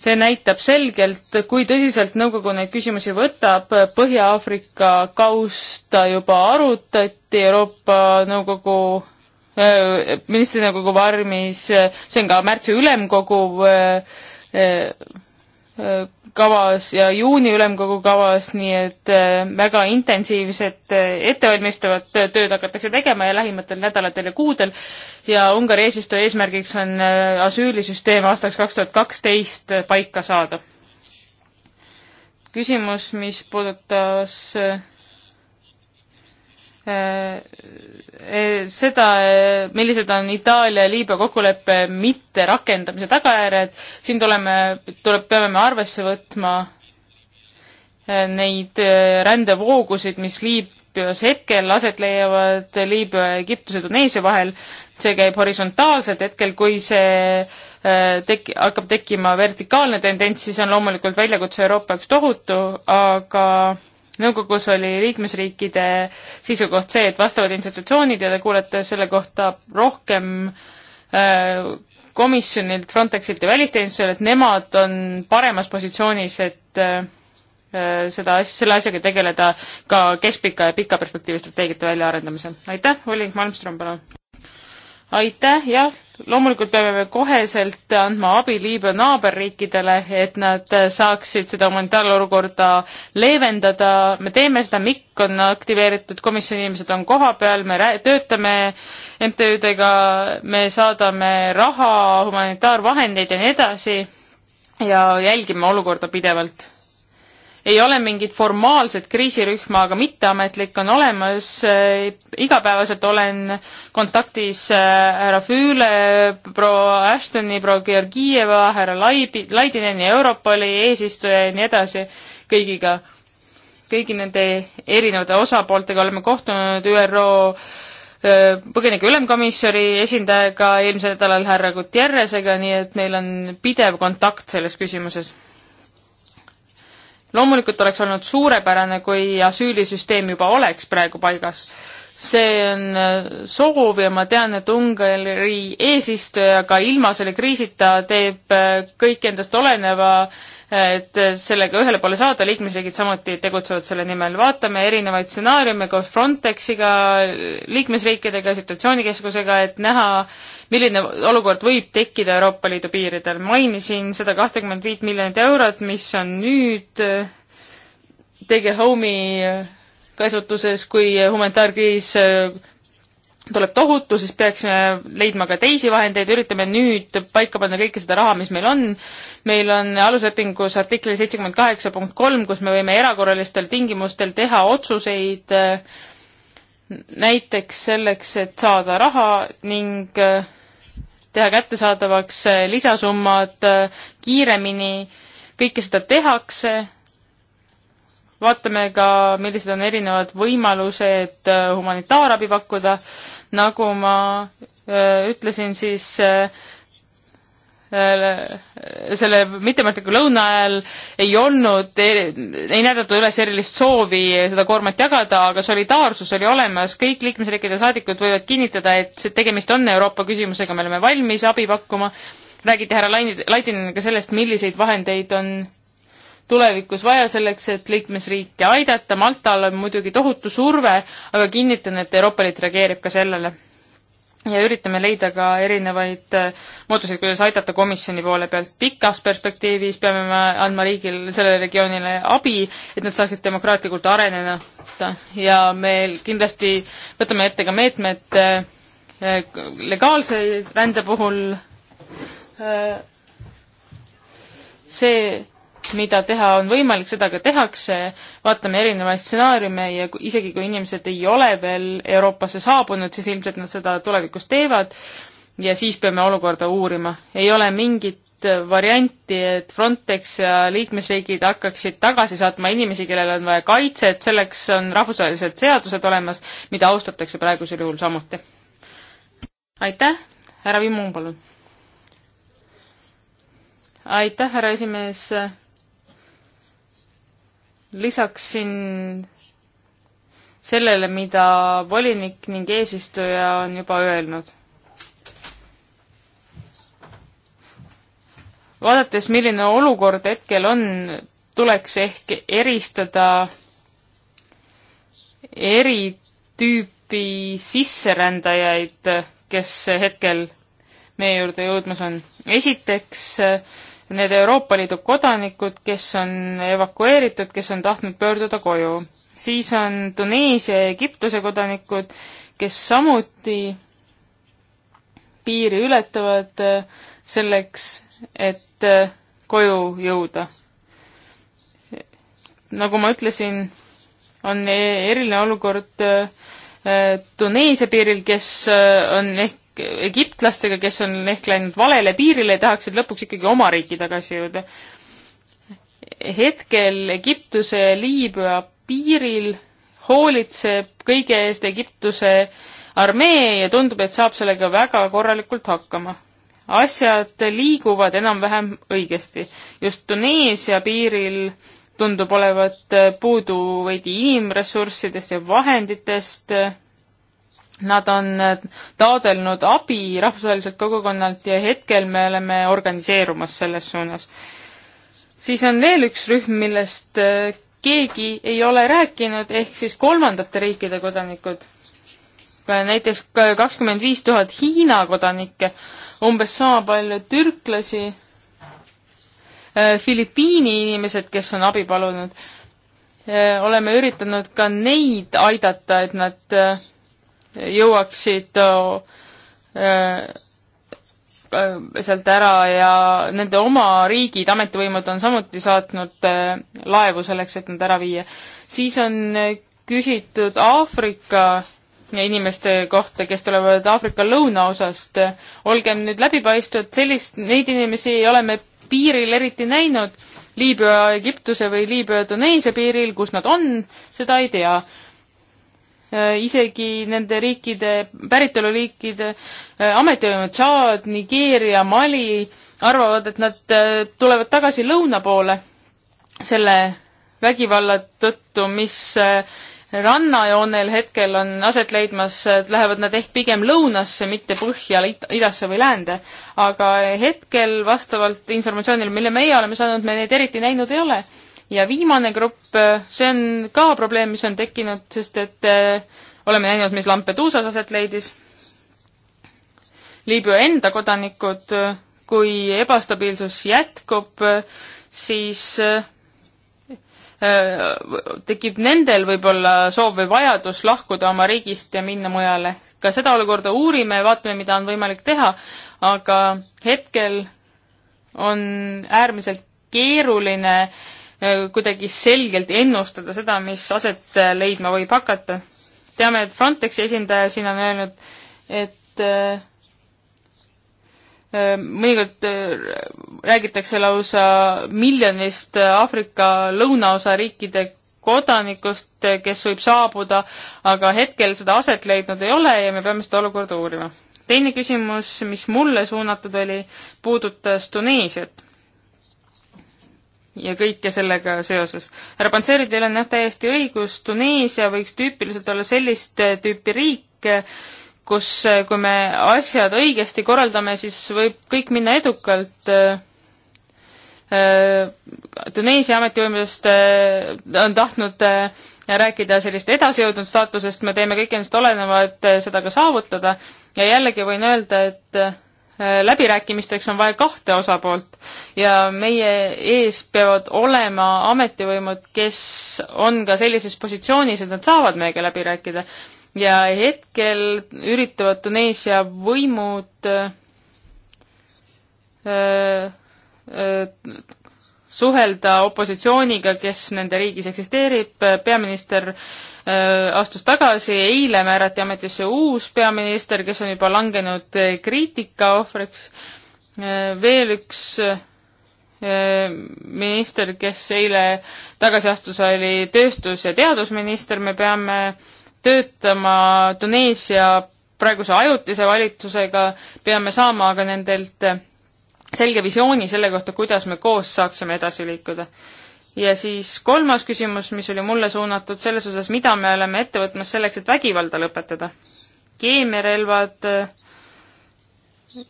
see näitab selgelt, kui tõsiselt nõukogu neid küsimusi võtab, Põhja-Aafrika kausta juba arutati Euroopa Nõukogu äh, ministrinõukogu farmis, äh, see on ka märtsi ülemkogu äh, äh, kavas ja juuni ülemkogu kavas, nii et äh, väga intensiivset äh, ettevalmistavat tööd hakatakse tegema ja lähimatel nädalatel ja kuudel ja Ungari eesistuja eesmärgiks on äh, asüülisüsteem aastaks kaks tuhat kaksteist paika saada. küsimus, mis puudutas Äh, äh, seda, äh, millised on Itaalia ja Liibüa kokkuleppe mitterakendamise tagajärjed, siin tuleme, tuleb, peame me arvesse võtma neid rändevoogusid, mis Liibüas hetkel aset leiavad Liibüa ja Egiptuse Tuneesia vahel, see käib horisontaalselt, hetkel kui see tek-, hakkab tekkima vertikaalne tendents, siis on loomulikult väljakutse Euroopa jaoks tohutu, aga nõukogus oli liikmesriikide seisukoht see, et vastavad institutsioonid ja te kuulete selle kohta rohkem äh, komisjonilt, Frontexilt ja välisteenistuselt, et nemad on paremas positsioonis, et äh, seda asja, selle asjaga tegeleda ka keskpika ja pika perspektiivi strateegiate väljaarendamisel. aitäh, Olli Malmström, palun! aitäh, jah, loomulikult peame koheselt andma abi Liibüa naaberriikidele, et nad saaksid seda humanitaarolukorda leevendada, me teeme seda, MIK on aktiveeritud, komisjoni inimesed on kohapeal, me töötame MTÜ-dega, me saadame raha, humanitaarvahendeid ja nii edasi ja jälgime olukorda pidevalt ei ole mingit formaalset kriisirühma, aga mitteametlik on olemas, igapäevaselt olen kontaktis äh, härra Füüle, proua Ashtoni, proua Georgieva, härra Laidi, Laidineni, Europoli eesistuja ja nii edasi, kõigiga, kõigi nende erinevate osapooltega oleme kohtunud, ÜRO äh, põgenike ülemkomissari esindajaga, eelmisel nädalal härra Gutierrezega, nii et meil on pidev kontakt selles küsimuses loomulikult oleks olnud suurepärane, kui asüülisüsteem juba oleks praegu paigas. see on äh, soov ja ma tean, et Ungari eesistuja ka ilma selle kriisita teeb äh, kõik endast oleneva, et sellega ühele poole saada, liikmesriigid samuti tegutsevad selle nimel. vaatame erinevaid stsenaariume koos Frontexiga, liikmesriikidega, situatsioonikeskusega, et näha, milline olukord võib tekkida Euroopa Liidu piiridel. mainisin seda kahtekümmet viit miljonit eurot, mis on nüüd äh, TG Home'i äh, käsutuses, kui humanitaarkriis äh, tuleb tohutu, siis peaksime leidma ka teisi vahendeid, üritame nüüd paika panna kõike seda raha, mis meil on. meil on aluslepingus artikli seitsekümmend kaheksa punkt kolm, kus me võime erakorralistel tingimustel teha otsuseid äh, näiteks selleks, et saada raha ning äh, teha kättesaadavaks äh, lisasummad kiiremini, kõike seda tehakse vaatame ka, millised on erinevad võimaluused humanitaarabi pakkuda, nagu ma öö, äh, ütlesin, siis öö, äh, äh, selle mitteametliku lõuna ajal ei olnud, ei näidatud üles erilist soovi seda koormat jagada, aga solidaarsus oli olemas, kõik liikmesriikide saadikud võivad kinnitada, et tegemist on Euroopa küsimusega, me oleme valmis abi pakkuma. räägiti härra Laininiga sellest, milliseid vahendeid on tulevikus vaja selleks, et liikmesriike aidata, Maltal on muidugi tohutu surve, aga kinnitan, et Euroopa Liit reageerib ka sellele. ja üritame leida ka erinevaid äh, mooduseid, kuidas aidata komisjoni poole pealt. pikas perspektiivis peame me andma riigile, sellele regioonile abi, et nad saaksid demokraatlikult areneda ja me kindlasti võtame ette ka meetmed äh, legaalse rände puhul äh, see mida teha on võimalik, seda ka tehakse, vaatame erinevaid stsenaariume ja isegi kui inimesed ei ole veel Euroopasse saabunud, siis ilmselt nad seda tulevikus teevad ja siis peame olukorda uurima. ei ole mingit varianti, et Frontex ja liikmesriigid hakkaksid tagasi saatma inimesi, kellel on vaja kaitset, selleks on rahvusvahelised seadused olemas, mida austatakse praegusel juhul samuti. aitäh, härra Vimmu, palun! aitäh, härra esimees lisaksin sellele, mida volinik ning eesistuja on juba öelnud. vaadates, milline olukord hetkel on, tuleks ehk eristada eri tüüpi sisserändajaid, kes hetkel meie juurde jõudmas on. esiteks äh, need Euroopa Liidu kodanikud, kes on evakueeritud, kes on tahtnud pöörduda koju. siis on Tuneesia ja Egiptuse kodanikud, kes samuti piiri ületavad eh, selleks, et eh, koju jõuda. nagu ma ütlesin, on e-, eriline olukord eh, Tuneesia piiril, kes on ehk egiptlastega, kes on ehk läinud valele piirile ja tahaksid lõpuks ikkagi oma riiki tagasi jõuda. hetkel Egiptuse Liibüa piiril hoolitseb kõige eest Egiptuse armee ja tundub, et saab sellega väga korralikult hakkama. asjad liiguvad enam-vähem õigesti. just Tuneesia piiril tundub olevat puudu veidi inimressurssidest ja vahenditest Nad on äh, taodelnud abi rahvusvaheliselt kogukonnalt ja hetkel me oleme organiseerumas selles suunas. siis on veel üks rühm, millest äh, keegi ei ole rääkinud, ehk siis kolmandate riikide kodanikud. näiteks kakskümmend viis tuhat Hiina kodanikke, umbes sama palju türklasi, äh, Filipiini inimesed, kes on abi palunud. oleme üritanud ka neid aidata, et nad jõuaksid äh, äh, sealt ära ja nende oma riigid, ametivõimud on samuti saatnud äh, laevu selleks, et nad ära viia. siis on küsitud Aafrika inimeste kohta, kes tulevad Aafrika lõunaosast. olgem nüüd läbipaistvad, sellist, neid inimesi ei ole me piiril eriti näinud, Liibüa, Egiptuse või Liibüa, Tuneesia piiril, kus nad on, seda ei tea. Äh, isegi nende riikide, päritoluliikide äh, ametivõimed, Tšaad, Nigeeria, Mali, arvavad, et nad äh, tulevad tagasi lõuna poole selle vägivalla tõttu, mis rannajoonel hetkel on aset leidmas, lähevad nad ehk pigem lõunasse, mitte põhja, idasse või läände. aga hetkel vastavalt informatsioonile, mille meie oleme saanud, me neid eriti näinud ei ole ja viimane grupp, äh, see on ka probleem, mis on tekkinud, sest et äh, oleme näinud, mis Lampeduusas aset leidis. Liibüa enda kodanikud, äh, kui ebastabiilsus jätkub, siis tekib nendel võib-olla soov või vajadus lahkuda oma riigist ja minna mujale. ka seda olukorda uurime ja vaatame, mida on võimalik teha, aga hetkel on äärmiselt keeruline äh, Äh, kuidagi selgelt ennustada seda, mis aset äh, leidma võib hakata. teame, et Frontexi esindaja siin on öelnud, et äh, mõnikord räägitakse lausa miljonist Aafrika lõunaosa riikide kodanikust, kes võib saabuda, aga hetkel seda aset leidnud ei ole ja me peame seda olukorda uurima. teine küsimus, mis mulle suunatud oli, puudutas Tuneesiat ja kõike sellega seoses. härra Panseri, teil on jah täiesti õigus, Tuneesia võiks tüüpiliselt olla sellist eh, tüüpi riik, eh, kus, eh, kui me asjad õigesti korraldame, siis võib kõik minna edukalt. Tuneesia ametivõimudest on tahtnud rääkida sellist edasijõudnud staatusest, me teeme kõik endast olenevat seda ka saavutada ja jällegi võin öelda, et läbirääkimisteks on vaja kahte osapoolt ja meie ees peavad olema ametivõimud, kes on ka sellises positsioonis, et nad saavad meiega läbi rääkida. ja hetkel üritavad Tuneesia võimud öö, äh, öö, äh, suhelda opositsiooniga, kes nende riigis eksisteerib, peaminister Äh, astus tagasi, eile määrati ametisse uus peaminister, kes on juba langenud äh, kriitika ohvriks. Äh, veel üks minister, kes eile tagasi astus, oli tööstus- ja teadusminister, me peame töötama Tuneesia praeguse ajutise valitsusega, peame saama aga nendelt selge visiooni selle kohta, kuidas me koos saaksime edasi liikuda ja siis kolmas küsimus, mis oli mulle suunatud selles osas, mida me oleme ette võtmas selleks, et vägivalda lõpetada. keemiarelvad, äh,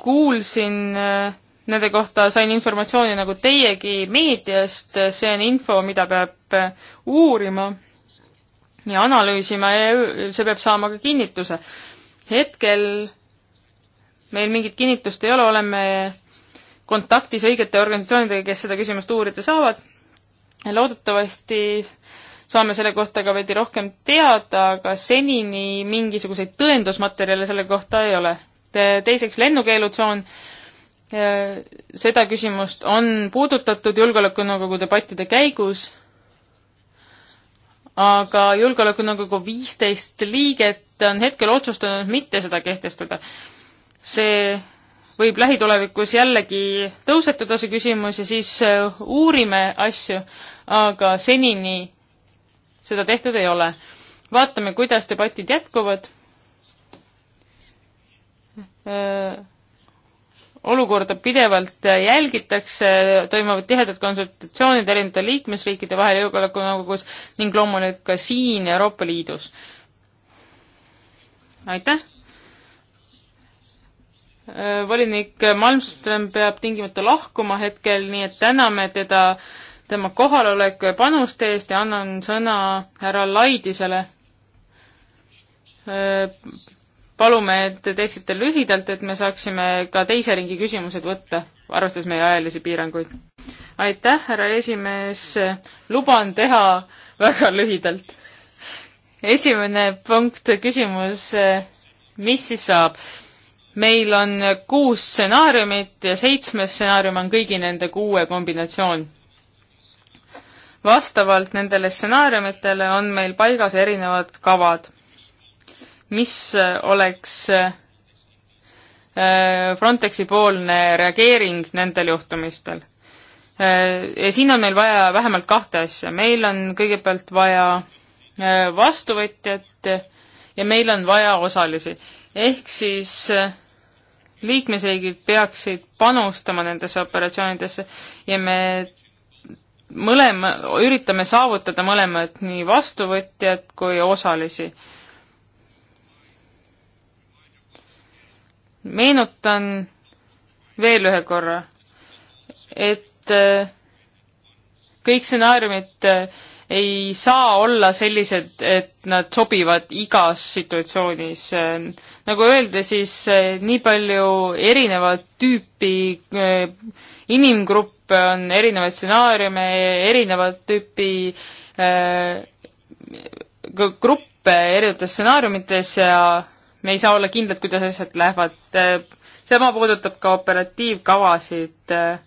kuulsin äh, nende kohta, sain informatsiooni nagu teiegi meediast, äh, see on info, mida peab uurima ja analüüsima ja see peab saama ka kinnituse. hetkel meil mingit kinnitust ei ole, oleme kontaktis õigete organisatsioonidega, kes seda küsimust uurida saavad. loodetavasti saame selle kohta ka veidi rohkem teada, aga senini mingisuguseid tõendusmaterjale selle kohta ei ole. teiseks lennukeelutsoon, seda küsimust on puudutatud Julgeolekunõukogu debattide käigus, aga Julgeolekunõukogu viisteist liiget on hetkel otsustanud mitte seda kehtestada. see võib lähitulevikus jällegi tõusetuda see küsimus ja siis äh, uurime asju, aga senini seda tehtud ei ole. vaatame, kuidas debatid jätkuvad. Äh, olukorda pidevalt jälgitakse, toimuvad tihedad konsultatsioonid erinevate liikmesriikide vahel Julgeolekunõukogus ning loomulikult ka siin Euroopa Liidus. aitäh! Äh, volinik Malmström peab tingimata lahkuma hetkel, nii et täname teda tema kohaloleku ja panuste eest ja annan sõna härra Laidisele. Äh, palume, et te teeksite lühidalt, et me saaksime ka teise ringi küsimused võtta, arvestades meie ajalisi piiranguid. aitäh, härra esimees, luban teha väga lühidalt. esimene punkt, küsimus, mis siis saab? meil on kuus stsenaariumit ja seitsmes stsenaarium on kõigi nende kuue kombinatsioon. vastavalt nendele stsenaariumitele on meil paigas erinevad kavad, mis oleks äh, Frontexi poolne reageering nendel juhtumistel. Äh, ja siin on meil vaja vähemalt kahte asja, meil on kõigepealt vaja äh, vastuvõtjat ja meil on vaja osalisi. ehk siis äh, liikmesriigid peaksid panustama nendesse operatsioonidesse ja me mõlema, üritame saavutada mõlemad, nii vastuvõtjad kui osalisi. meenutan veel ühe korra, et äh, kõik stsenaariumid äh, ei saa olla sellised, et nad sobivad igas situatsioonis. nagu öeldi, siis eh, nii palju erinevat tüüpi eh, inimgruppe on, erinevaid stsenaariume, erinevat tüüpi äh, gruppe erinevates stsenaariumites ja me ei saa olla kindlad, kuidas asjad lähevad. sama puudutab ka operatiivkavasid äh,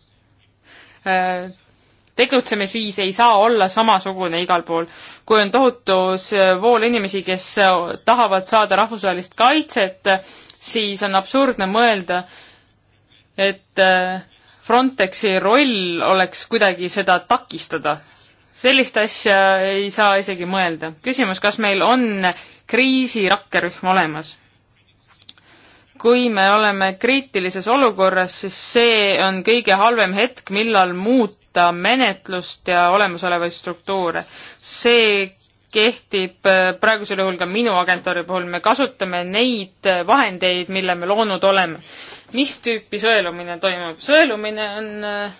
tegutsemisviis ei saa olla samasugune igal pool. kui on tohutus vool inimesi, kes tahavad saada rahvusvahelist kaitset, siis on absurdne mõelda, et äh, Frontexi roll oleks kuidagi seda takistada. sellist asja ei saa isegi mõelda. küsimus, kas meil on kriisirakkerühm olemas? kui me oleme kriitilises olukorras, siis see on kõige halvem hetk, millal muud muuta menetlust ja olemasolevaid struktuure. see kehtib äh, praegusel juhul ka minu agentuuri puhul, me kasutame neid äh, vahendeid, mille me loonud oleme. mis tüüpi sõelumine toimub? sõelumine on äh,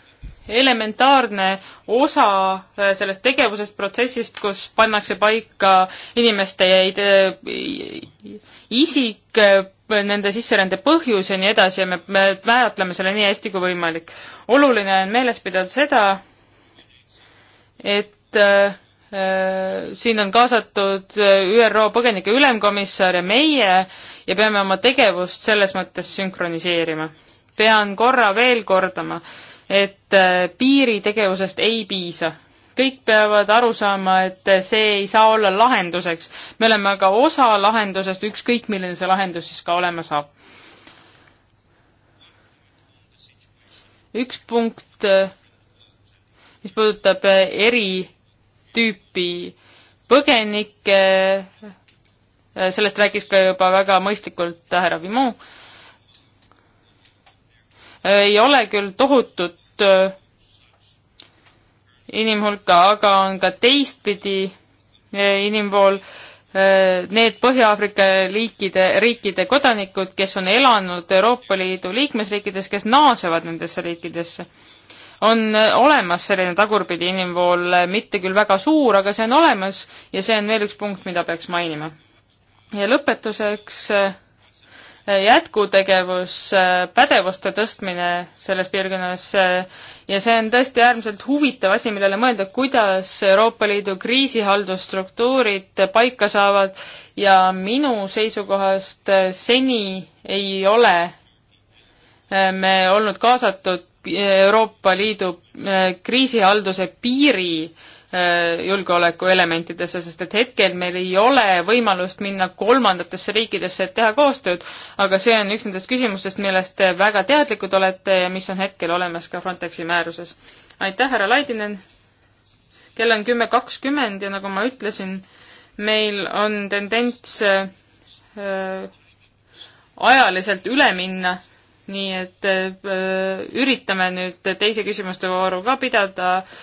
elementaarne osa sellest tegevusest, protsessist, kus pannakse paika inimeste isik, nende sisserände põhjus ja nii edasi ja me, me määratleme selle nii hästi kui võimalik. oluline on meeles pidada seda, et äh, äh siin on kaasatud äh, ÜRO põgenike ülemkomissar ja meie ja peame oma tegevust selles mõttes sünkroniseerima. pean korra veel kordama, et äh, piiritegevusest ei piisa kõik peavad aru saama, et see ei saa olla lahenduseks. me oleme aga osa lahendusest, ükskõik milline see lahendus siis ka olema saab. üks punkt, äh, mis puudutab äh, eri tüüpi põgenikke, äh, sellest rääkis ka juba väga mõistlikult härra Vimon, ei ole küll tohutut inimhulka, aga on ka teistpidi eh, inimvool, eh, need Põhja-Aafrika liikide, riikide kodanikud, kes on elanud Euroopa Liidu liikmesriikides, kes naasevad nendesse riikidesse. on eh, olemas selline tagurpidi inimvool, mitte küll väga suur, aga see on olemas ja see on veel üks punkt, mida peaks mainima. ja lõpetuseks äh, jätkutegevus, pädevuste tõstmine selles piirkonnas ja see on tõesti äärmiselt huvitav asi, millele mõelda, kuidas Euroopa Liidu kriisihaldusstruktuurid paika saavad ja minu seisukohast eh, seni ei ole eh, me olnud kaasatud eh, Euroopa Liidu kriisihalduse piiri Äh, julgeolekuelementidesse, sest et hetkel meil ei ole võimalust minna kolmandatesse riikidesse, et teha koostööd, aga see on üks nendest küsimustest, millest te väga teadlikud olete ja mis on hetkel olemas ka Frontexi määruses. aitäh, härra Laidinen! kell on kümme kakskümmend ja nagu ma ütlesin, meil on tendents äh, ajaliselt üle minna, nii et äh, üritame nüüd teise küsimuste vooru ka pidada äh,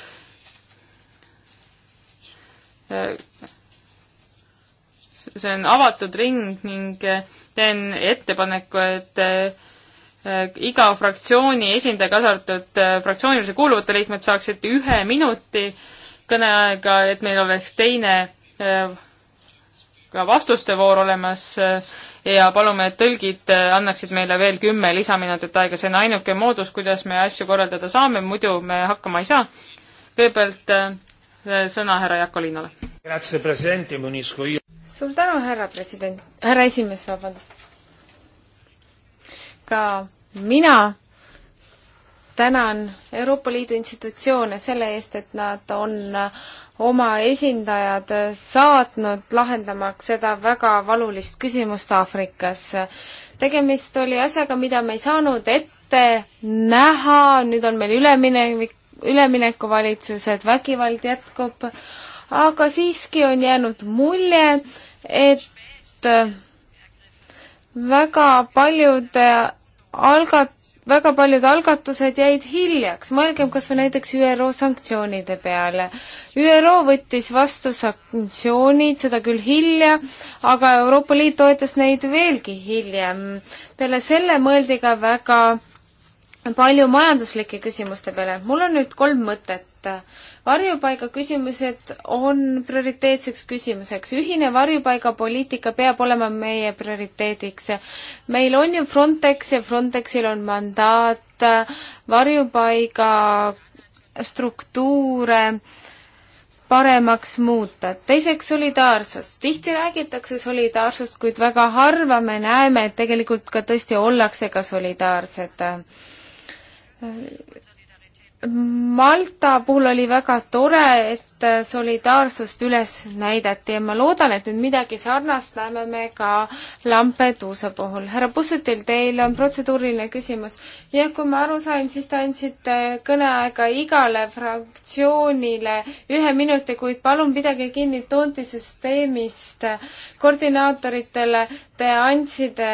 see on avatud ring ning eh, teen ettepaneku, et eh, iga fraktsiooni esindaja, kaasa arvatud eh, fraktsioonilise kuuluvate liikmed, saaksid ühe minuti kõneaega, et meil oleks teine ka vastuste voor olemas ja palume, et tõlgid annaksid meile veel kümme lisaminutit aega, see on ainuke moodus, kuidas me asju korraldada saame, muidu me hakkama ei saa. kõigepealt sõna härra Jakolinale. suur tänu, härra president, härra esimees, vabandust. ka mina tänan Euroopa Liidu institutsioone selle eest, et nad on oma esindajad saatnud lahendamaks seda väga valulist küsimust Aafrikas. tegemist oli asjaga, mida me ei saanud ette näha, nüüd on meil üleminevik üleminekuvalitsused, vägivald jätkub, aga siiski on jäänud mulje, et äh, väga paljude äh, algat-, väga paljud algatused jäid hiljaks, mõelgem kas või näiteks ÜRO sanktsioonide peale. ÜRO võttis vastu sanktsioonid, seda küll hilja, aga Euroopa Liit toetas neid veelgi hiljem. peale selle mõeldi ka väga palju majanduslike küsimuste peale. mul on nüüd kolm mõtet. varjupaiga küsimused on prioriteetseks küsimuseks. ühine varjupaigapoliitika peab olema meie prioriteediks. meil on ju Frontex ja Frontexil on mandaat varjupaiga struktuure paremaks muuta. teiseks solidaarsus. tihti räägitakse solidaarsust, kuid väga harva me näeme, et tegelikult ka tõesti ollakse ka solidaarsed Malta puhul oli väga tore, et solidaarsust üles näidati ja ma loodan, et nüüd midagi sarnast näeme me ka Lampeduusa puhul. härra Pussutil, teil on protseduuriline küsimus. jah, kui ma aru sain, siis te andsite kõneaega igale fraktsioonile ühe minuti, kuid palun pidage kinni toontesüsteemist koordinaatoritele te andsite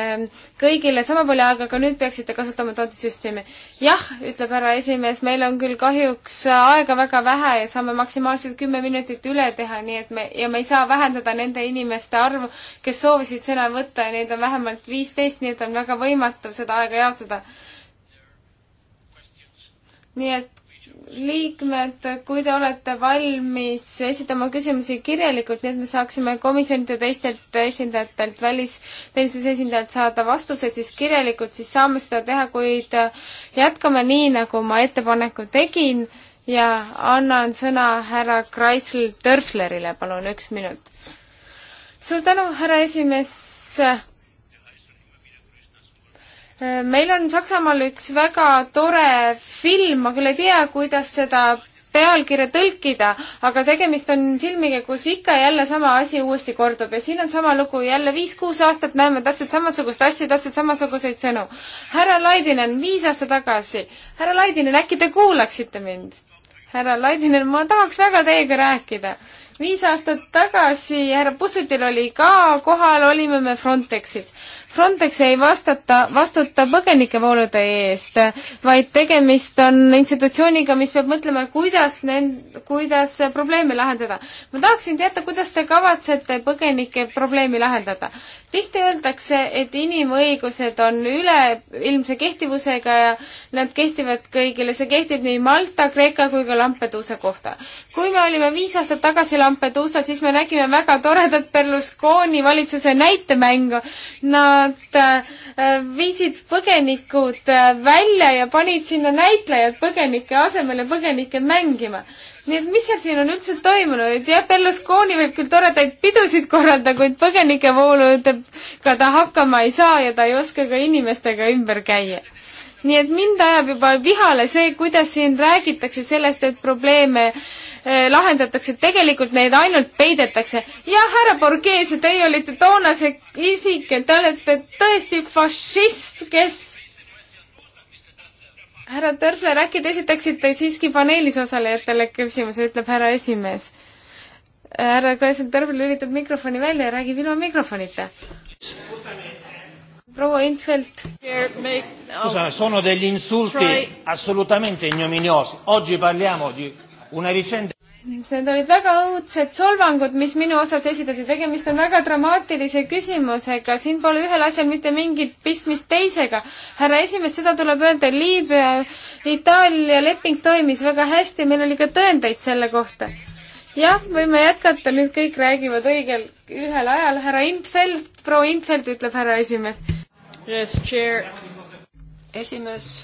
kõigile sama palju aega, aga nüüd peaksite kasutama toetussüsteemi. jah, ütleb härra esimees, meil on küll kahjuks aega väga vähe ja saame maksimaalselt kümme minutit üle teha, nii et me, ja me ei saa vähendada nende inimeste arvu, kes soovisid sõna võtta ja neid on vähemalt viisteist, nii et on väga võimatu seda aega jaotada. nii et liikmed, kui te olete valmis esitama küsimusi kirjalikult, nii et me saaksime komisjonide teistelt esindajatelt, välisteenistuse esindajalt saada vastuseid siis kirjalikult, siis saame seda teha, kuid jätkame nii, nagu ma ettepaneku tegin ja annan sõna härra Kreisel Dörflerile, palun, üks minut. suur tänu, härra esimees meil on Saksamaal üks väga tore film, ma küll ei tea, kuidas seda pealkirja tõlkida, aga tegemist on filmiga, kus ikka jälle sama asi uuesti kordub ja siin on sama lugu, jälle viis-kuus aastat näeme täpselt samasugust asja, täpselt samasuguseid sõnu. härra Laidinen, viis aastat tagasi. härra Laidinen, äkki te kuulaksite mind? härra Laidinen, ma tahaks väga teiega rääkida. viis aastat tagasi härra Pussutil oli ka kohal, olime me Frontexis. Frontex ei vastata, vastuta põgenikevoolude eest, vaid tegemist on institutsiooniga, mis peab mõtlema, kuidas nend-, kuidas probleeme lahendada. ma tahaksin teada, kuidas te kavatsete põgenike probleemi lahendada. tihti öeldakse, et inimõigused on üleilmse kehtivusega ja nad kehtivad kõigile, see kehtib nii Malta, Kreeka kui ka Lampeduusa kohta. kui me olime viis aastat tagasi Lampeduusas, siis me nägime väga toredat Berlusconi valitsuse näitemängu no,, nad äh, viisid põgenikud äh, välja ja panid sinna näitlejad põgenike asemele põgenikke mängima nii et mis seal siin on üldse toimunud, jah, Berlusconi võib küll toredaid pidusid korraldada, kuid põgenikevooludega ta hakkama ei saa ja ta ei oska ka inimestega ümber käia. nii et mind ajab juba vihale see, kuidas siin räägitakse sellest, et probleeme äh, Eh, lahendatakse, tegelikult neid ainult peidetakse. jah, härra Borges, teie olite toona see isik, et te olete tõesti fašist, kes härra Törfler, äkki te esitaksite siiski paneelis osalejatele küsimuse, ütleb härra esimees. härra Kreisel Törfler lülitab mikrofoni välja ja räägib ilma mikrofonita. proua Intfeld. sono degli insulti assolutamente ignominiosi, oggi parliamo di Need olid väga õudsed solvangud, mis minu osas esitati. tegemist on väga dramaatilise küsimusega, siin pole ühel asjal mitte mingit pistmist teisega. härra esimees, seda tuleb öelda, Liibüa, Itaalia leping toimis väga hästi, meil oli ka tõendeid selle kohta. jah, võime jätkata, nüüd kõik räägivad õigel, ühel ajal. härra Infeld, proua Infeld, ütleb härra esimees. Yes, chair. esimees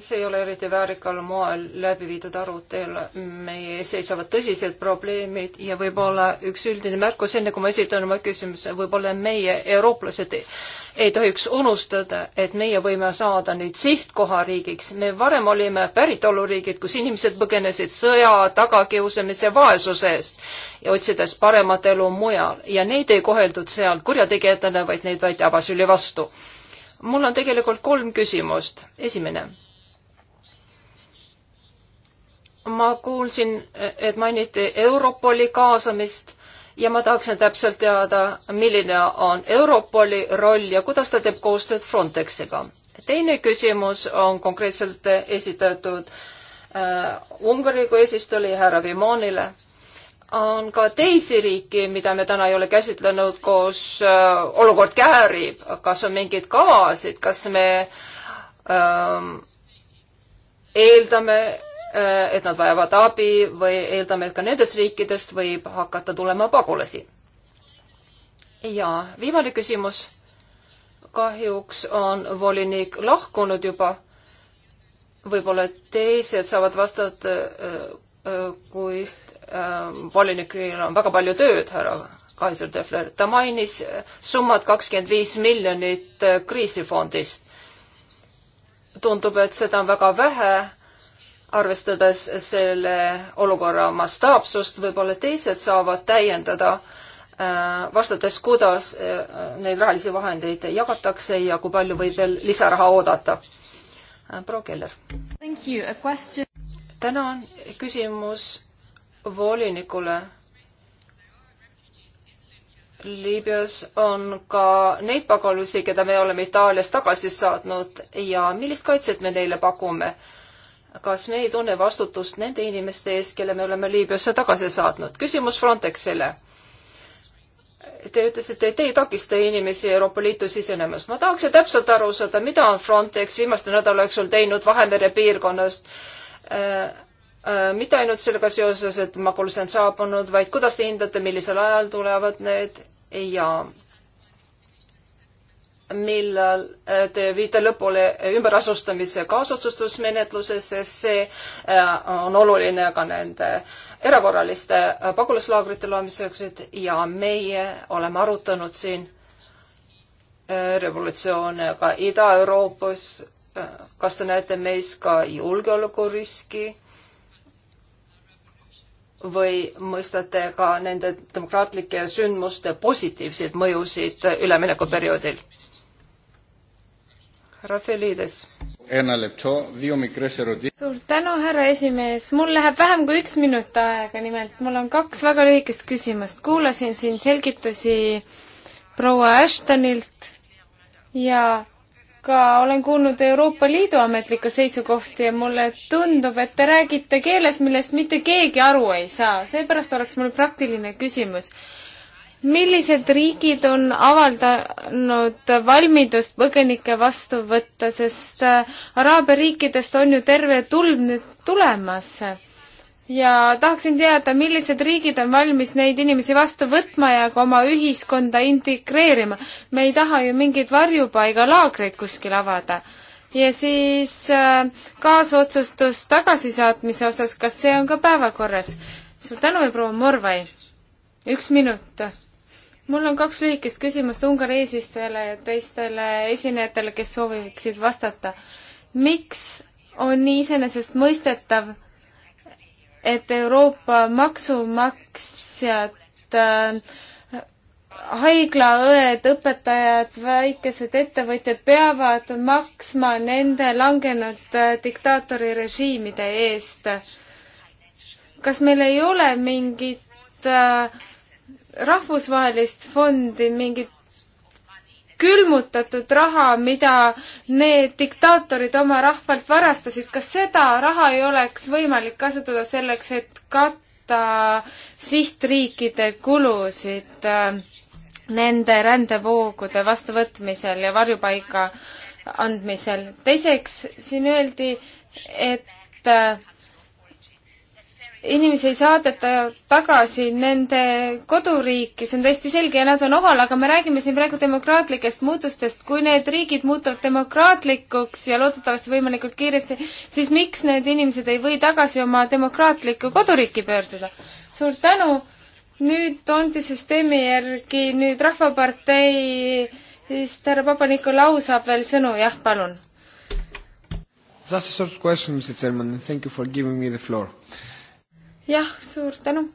see ei ole eriti väärikal moel läbi viidud arutelu, meie ees seisavad tõsised probleemid ja võib-olla üks üldine märkus, enne kui ma esitan oma küsimuse, võib-olla meie, eurooplased, ei tohiks unustada, et meie võime saada nüüd sihtkohariigiks. me varem olime päritoluriigid, kus inimesed põgenesid sõja, tagakiusamise, vaesuse eest ja otsides paremat elu mujal ja neid ei koheldud seal kurjategijatena, vaid neid võeti abasüli vastu mul on tegelikult kolm küsimust. esimene ma kuulsin, et mainiti Europoli kaasamist ja ma tahaksin täpselt teada, milline on Europoli roll ja kuidas ta teeb koostööd Frontexiga. teine küsimus on konkreetselt esitatud äh, Ungari kui eesistujale ja härra Vimonile. on ka teisi riike, mida me täna ei ole käsitlenud, kus äh, olukord käärib, kas on mingeid kavasid, kas me äh, eeldame, Äh, et nad vajavad abi või eeldame, et ka nendest riikidest võib hakata tulema pagulasi. ja viimane küsimus. kahjuks on volinik lahkunud juba. võib-olla teised saavad vastata, äh, äh, kuid volinikul on väga palju tööd, härra Kaiser Tehler. ta mainis summat kakskümmend viis miljonit kriisifondist. tundub, et seda on väga vähe arvestades selle olukorra mastaapsust, võib-olla teised saavad täiendada, äh, vastates, kuidas äh, neid rahalisi vahendeid jagatakse ja kui palju võib veel lisaraha oodata. Äh, proua Keller. tänan, küsimus volinikule. Liibüas on ka neid pagulasi, keda me oleme Itaaliast tagasi saatnud ja millist kaitset me neile pakume kas me ei tunne vastutust nende inimeste eest, kelle me oleme Liibüasse tagasi saatnud? küsimus Frontexile. Te ütlesite, et te ei takista inimesi Euroopa Liitu sisenemast. ma tahaks ju täpselt aru saada, mida on Frontex viimaste nädala jooksul teinud Vahemere piirkonnast äh, äh mitte ainult sellega seoses, et Maguls on saabunud, vaid kuidas te hindate, millisel ajal tulevad need ja millal äh, te viite lõpule ümberasustamise kaasotsustusmenetluses, sest see äh, on oluline ka nende erakorraliste äh, pagulaslaagrite loomiseks ja meie oleme arutanud siin revolutsioone ka Ida-Euroopas. kas te näete meis ka julgeolekuriski? või mõistate ka nende demokraatlike sündmuste positiivseid mõjusid üleminekuperioodil? härra Felides. suur tänu, härra esimees, mul läheb vähem kui üks minut aega, nimelt mul on kaks väga lühikest küsimust. kuulasin siin selgitusi proua Ashtonilt ja ka olen kuulnud Euroopa Liidu ametlikku seisukohti ja mulle tundub, et te räägite keeles, millest mitte keegi aru ei saa. seepärast oleks mul praktiline küsimus millised riigid on avaldanud valmidust põgenikke vastu võtta, sest äh, Araabia riikidest on ju terve tulv nüüd tulemas. ja tahaksin teada, millised riigid on valmis neid inimesi vastu võtma ja ka oma ühiskonda integreerima. me ei taha ju mingeid varjupaigalaagreid kuskil avada ja siis äh, kaasotsustus tagasisaatmise osas, kas see on ka päevakorras? suur tänu ja proua Morvai, üks minut mul on kaks lühikest küsimust Ungari eesistujale ja teistele esinejatele, kes sooviksid vastata. miks on nii iseenesestmõistetav, et Euroopa maksumaksjad äh, haiglaõed, õpetajad, väikesed ettevõtjad peavad maksma nende langenud äh, diktaatori režiimide eest. kas meil ei ole mingit äh, rahvusvahelist fondi, mingit külmutatud raha, mida need diktaatorid oma rahvalt varastasid, kas seda raha ei oleks võimalik kasutada selleks, et katta sihtriikide kulusid äh, nende rändevoogude vastuvõtmisel ja varjupaika andmisel? teiseks, siin öeldi, et äh, inimesi ei saadeta tagasi nende koduriiki, see on täiesti selge ja nad on omal, aga me räägime siin praegu demokraatlikest muutustest. kui need riigid muutuvad demokraatlikuks ja loodetavasti võimalikult kiiresti, siis miks need inimesed ei või tagasi oma demokraatlikku koduriiki pöörduda? suur tänu! nüüd tondisüsteemi järgi nüüd Rahvapartei, siis härra Papa-Nikolau saab veel sõnu, jah, palun. Just a short question, Mr Chairman, thank you for giving me the floor uh, jah, suur tänu.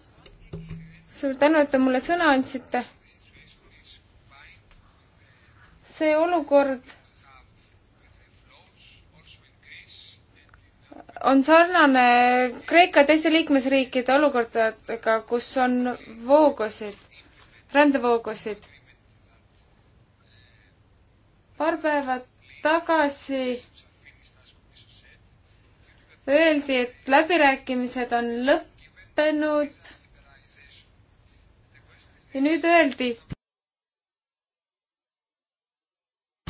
suur tänu, et te mulle sõna andsite. see olukord on sarnane Kreeka ja teiste liikmesriikide olukordadega, kus on voogusid, rändevoogusid. paar päeva tagasi öeldi, et läbirääkimised on lõpp lõppenud. ja nüüd öeldi,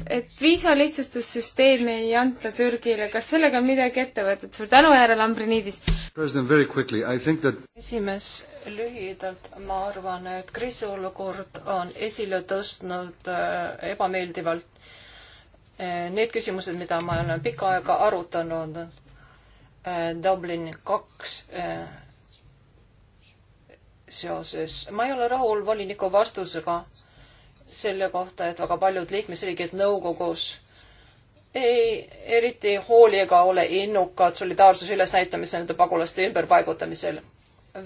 et viisalihtsustussüsteemi ei anta Türgile, kas sellega on midagi ette võetud? suur tänu, härra Lambrinidis! That... esimees, lühidalt ma arvan, et kriisiolukord on esile tõstnud äh, ebameeldivalt äh, need küsimused, mida ma olen pikka aega arutanud äh,, Dublin kaks äh, seoses. ma ei ole rahul voliniku vastusega selle kohta, et väga paljud liikmesriigid nõukogus ei eriti hooli ega ole innukad solidaarsuse ülesnäitamisel nende pagulaste ümberpaigutamisel.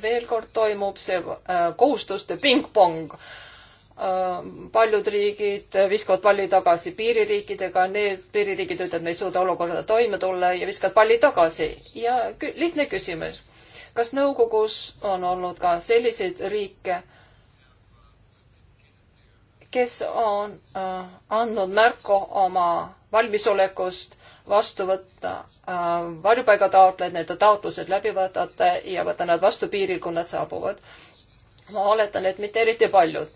veel kord toimub see äh, kohustuste pingpong. Äh, paljud riigid viskavad palli tagasi piiririikidega, need piiririigid ütlevad, me ei suuda olukorda toime tulla ja viskavad palli tagasi ja lihtne küsimus kas nõukogus on olnud ka selliseid riike, kes on äh, andnud märku oma valmisolekust vastu võtta äh, varjupaigataotlejaid, nende taotlused läbi võtata ja võtta nad vastu piiril, kui nad saabuvad. ma oletan, et mitte eriti paljud.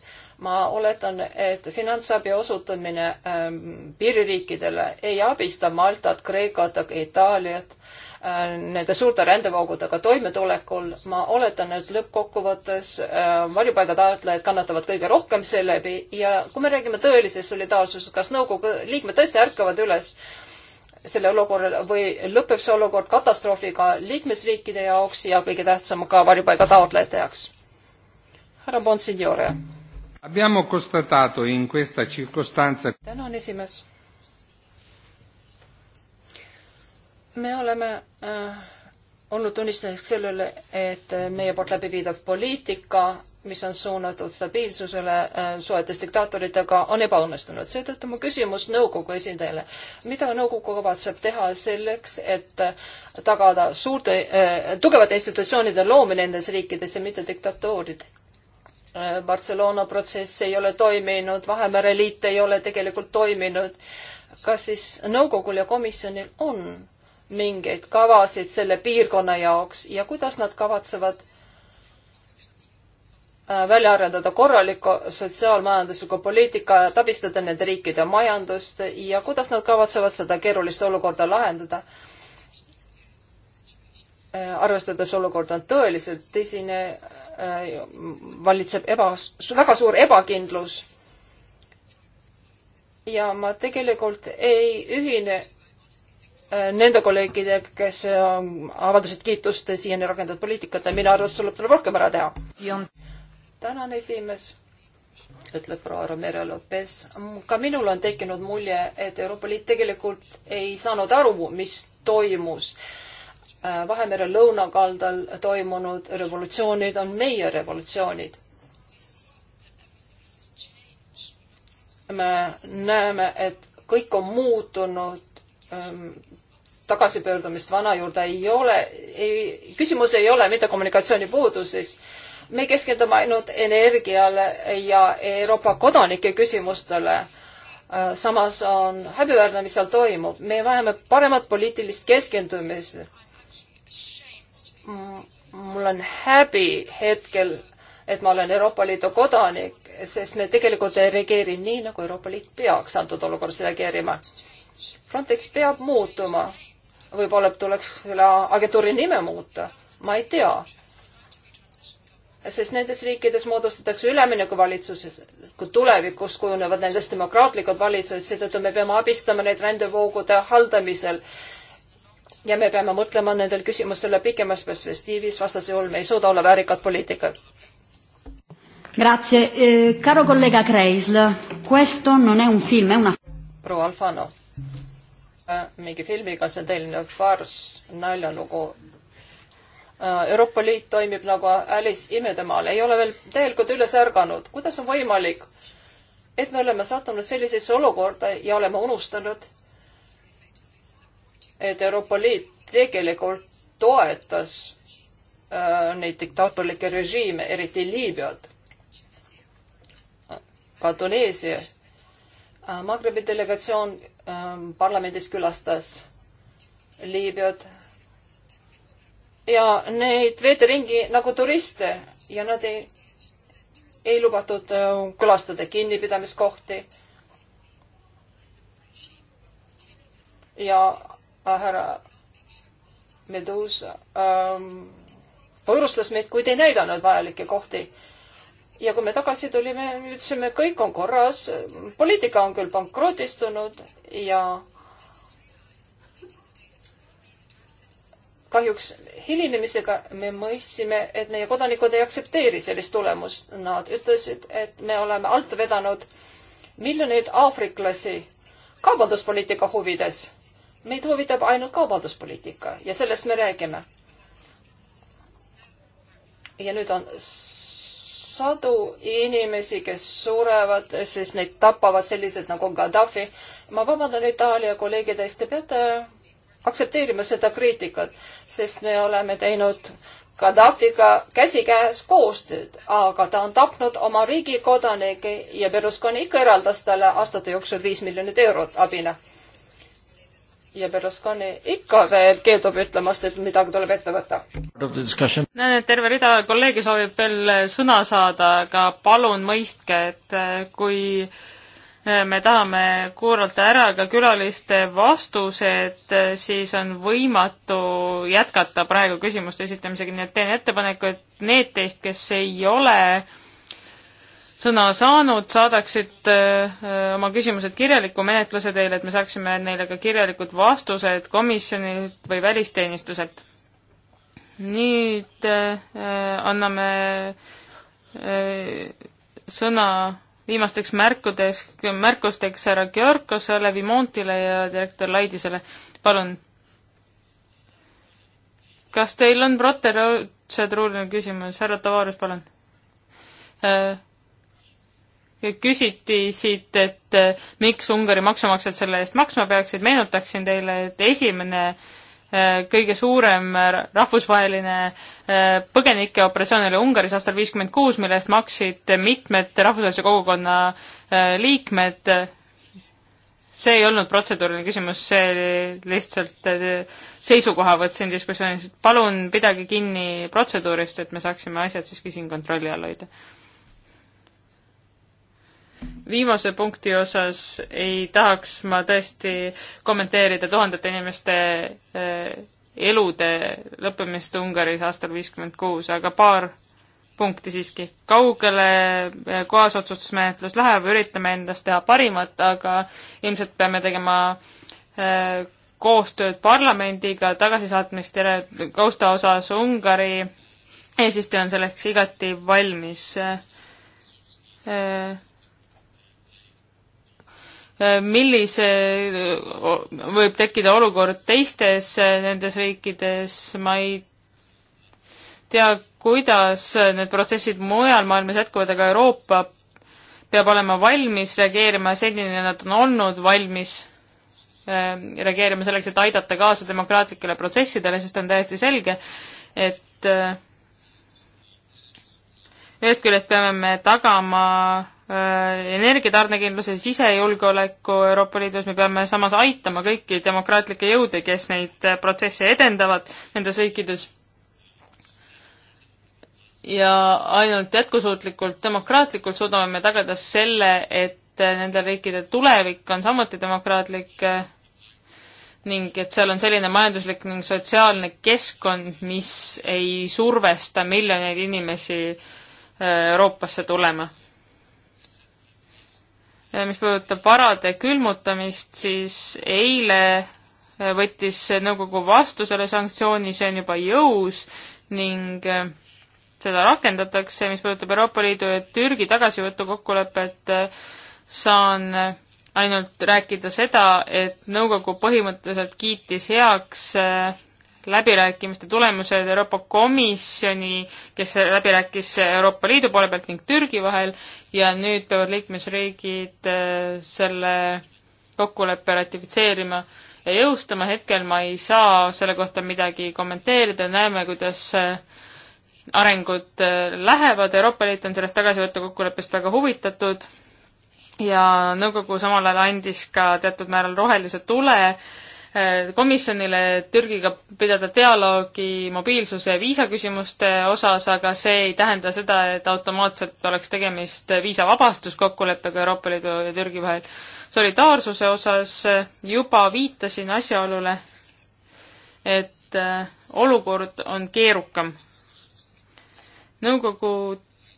ma oletan, et finantsabi osutamine ähm, piiririikidele ei abista Maltat, Kreekat, Itaaliat Äh, nende suurte rändevoogudega toimetulekul. ma oletan, et lõppkokkuvõttes äh, varjupaiga taotlejad kannatavad kõige rohkem seeläbi ja kui me räägime tõelisest solidaarsusest, kas nõukogu liikmed tõesti ärkavad üles selle olukorra või lõpeb see olukord katastroofiga liikmesriikide jaoks ja kõige tähtsam ka varjupaiga taotlejate jaoks? härra Bonsignore. tänan, esimees me oleme äh, olnud tunnistajaks sellele, et äh, meie poolt läbiviidav poliitika, mis on suunatud stabiilsusele äh, suhetes diktaatoritega, on ebaõnnestunud. seetõttu mu küsimus nõukogu esindajale. mida nõukogu kavatseb teha selleks, et äh, tagada suurte äh,, tugevate institutsioonide loomine nendes riikides ja mitte diktatuurid äh,? Barcelona protsess ei ole toiminud, Vahemere liit ei ole tegelikult toiminud. kas siis nõukogul ja komisjonil on mingeid kavasid selle piirkonna jaoks ja kuidas nad kavatsevad äh, välja arendada korraliku sotsiaalmajandusliku poliitika, et abistada nende riikide majandust ja kuidas nad kavatsevad seda keerulist olukorda lahendada. Äh, arvestades olukord on tõeliselt tõsine, äh, valitseb eba, väga suur ebakindlus. ja ma tegelikult ei ühine Äh, nende kolleegidega, kes äh, avaldasid kiitust siiani rakendatud poliitikate, minu arvates tuleb, tuleb rohkem ära teha. tänan, esimees, ütleb proua Romero Lopez. ka minul on tekkinud mulje, et Euroopa Liit tegelikult ei saanud aru, mis toimus. Äh, Vahemere lõunakaldal toimunud revolutsioonid on meie revolutsioonid. me näeme, et kõik on muutunud Ähm, tagasipöördumist vana juurde ei ole, ei, küsimus ei ole mitte kommunikatsiooni puuduses. me keskendume ainult energiale ja Euroopa kodanike küsimustele. Äh, samas on häbiväärne, mis seal toimub. me vajame paremat poliitilist keskendumist. mul on häbi hetkel, et ma olen Euroopa Liidu kodanik, sest me tegelikult ei reageeri nii, nagu Euroopa Liit peaks antud olukorras reageerima Frontex peab muutuma. võib-olla tuleks selle agentuuri nime muuta, ma ei tea. sest nendes riikides moodustatakse üleminekuvalitsused, kui tulevikus kujunevad nendest demokraatlikud valitsused, seetõttu me peame abistama neid rändevoogude haldamisel. ja me peame mõtlema nendel küsimustele pikemas perspektiivis, vastasel juhul me ei suuda olla väärikad poliitikud. Grazie. Eh, caro collega Kreisl, questo non è un film, è una... Pro Alfano. Äh, mingi filmiga, see on tõeline nagu farss, naljalugu. Äh, Euroopa Liit toimib nagu Alice imedemaal, ei ole veel täielikult üles ärganud. kuidas on võimalik, et me oleme sattunud sellisesse olukorda ja oleme unustanud, et Euroopa Liit tegelikult toetas äh, neid diktaatorlikke režiime, eriti Liibüat, ka Tuneesia äh, Magrebi delegatsioon Ähm, parlamendis külastas Liibüat ja neid veeti ringi nagu turiste ja nad ei, ei lubatud äh, külastada kinnipidamiskohti. ja äh, härra Medusa ähm, põrustas meid, kuid ei näidanud vajalikke kohti ja kui me tagasi tulime, ütlesime, kõik on korras, poliitika on küll pankrotistunud ja kahjuks hilinemisega me mõistsime, et meie kodanikud ei aktsepteeri sellist tulemust. Nad ütlesid, et me oleme alt vedanud miljoneid aafriklasi kaubanduspoliitika huvides. meid huvitab ainult kaubanduspoliitika ja sellest me räägime. ja nüüd on sadu inimesi, kes surevad, sest neid tapavad sellised nagu Gaddafi. ma vabandan Itaalia kolleegide eest, te peate aktsepteerima seda kriitikat, sest me oleme teinud Gaddafiga käsikäes koostööd, aga ta on tapnud oma riigi kodanikke ja Berlusconi ikka eraldas talle aastate jooksul viis miljonit eurot abina ja Berlusconi ikka see keeldub ütlemast, et midagi tuleb ette võtta. näen, et terve rida kolleege soovib veel sõna saada, aga palun mõistke, et äh, kui äh, me tahame kuulata ära ka külaliste vastused, äh, siis on võimatu jätkata praegu küsimuste esitamisega, nii et teen ettepaneku, et need teist, kes ei ole äh, sõna saanud, saadaksid äh, äh, oma küsimused kirjaliku menetluse teile, et me saaksime neile ka kirjalikud vastused komisjonilt või välisteenistuselt. nüüd äh, anname sõna viimasteks märkudes, märkusteks härra Georgosele, Vimontile ja direktor Laidisele. palun. kas teil on protseduuriline küsimus, härra Tavares, palun? küsiti siit, et eh, miks Ungari maksumaksjad selle eest maksma peaksid, meenutaksin teile, et esimene eh, kõige suurem rahvusvaheline eh, põgenike operatsioon oli Ungaris aastal viiskümmend kuus, mille eest maksid mitmed rahvusvahelise kogukonna liikmed. see ei olnud protseduuriline küsimus, see lihtsalt seisukoha võtsin diskussioonis. palun pidage kinni protseduurist, et me saaksime asjad siiski siin kontrolli all hoida viimase punkti osas ei tahaks ma tõesti kommenteerida tuhandete inimeste eh, elude lõppemist Ungaris aastal viiskümmend kuus, aga paar punkti siiski. kaugele eh, kaasotsustusmenetlus läheb, üritame endast teha parimat, aga ilmselt peame tegema eh, koostööd parlamendiga tagasisaatmistele kausta osas Ungari eesistuja on selleks igati valmis millise võib tekkida olukord teistes nendes riikides, ma ei tea, kuidas need protsessid mujal maailmas jätkuvad, aga Euroopa peab olema valmis reageerima, senini nagu nad on olnud valmis ähm, reageerima selleks, et aidata kaasa demokraatlikele protsessidele, sest on täiesti selge, et äh, ühest küljest peame me tagama Äh, energiatarnekindluse, sisejulgeoleku Euroopa Liidus, me peame samas aitama kõiki demokraatlikke jõude, kes neid äh, protsesse edendavad nendes riikides. ja ainult jätkusuutlikult demokraatlikult suudame me tagada selle, et äh, nende riikide tulevik on samuti demokraatlik ning et seal on selline majanduslik ning sotsiaalne keskkond, mis ei survesta miljoneid inimesi Euroopasse tulema Äh, mis puudutab varade külmutamist, siis eile äh, võttis nõukogu vastu selle sanktsiooni, see on juba jõus ning äh, seda rakendatakse, mis puudutab Euroopa Liidu ja Türgi tagasivõtu kokkulepet, saan ainult rääkida seda, et nõukogu põhimõtteliselt kiitis heaks läbirääkimiste tulemused Euroopa Komisjoni, kes läbi rääkis Euroopa Liidu poole pealt ning Türgi vahel ja nüüd peavad liikmesriigid äh, selle kokkuleppe ratifitseerima ja jõustama. hetkel ma ei saa selle kohta midagi kommenteerida, näeme, kuidas äh, arengud äh, lähevad, Euroopa Liit on sellest tagasivõtu kokkuleppest väga huvitatud ja nõukogu samal ajal andis ka teatud määral rohelise tule Äh, komisjonile Türgiga pidada dialoogi mobiilsuse ja viisaküsimuste osas, aga see ei tähenda seda, et automaatselt oleks tegemist viisavabastuskokkuleppega Euroopa Liidu ja Türgi vahel. solidaarsuse osas äh, juba viitasin asjaolule, et äh, olukord on keerukam. nõukogu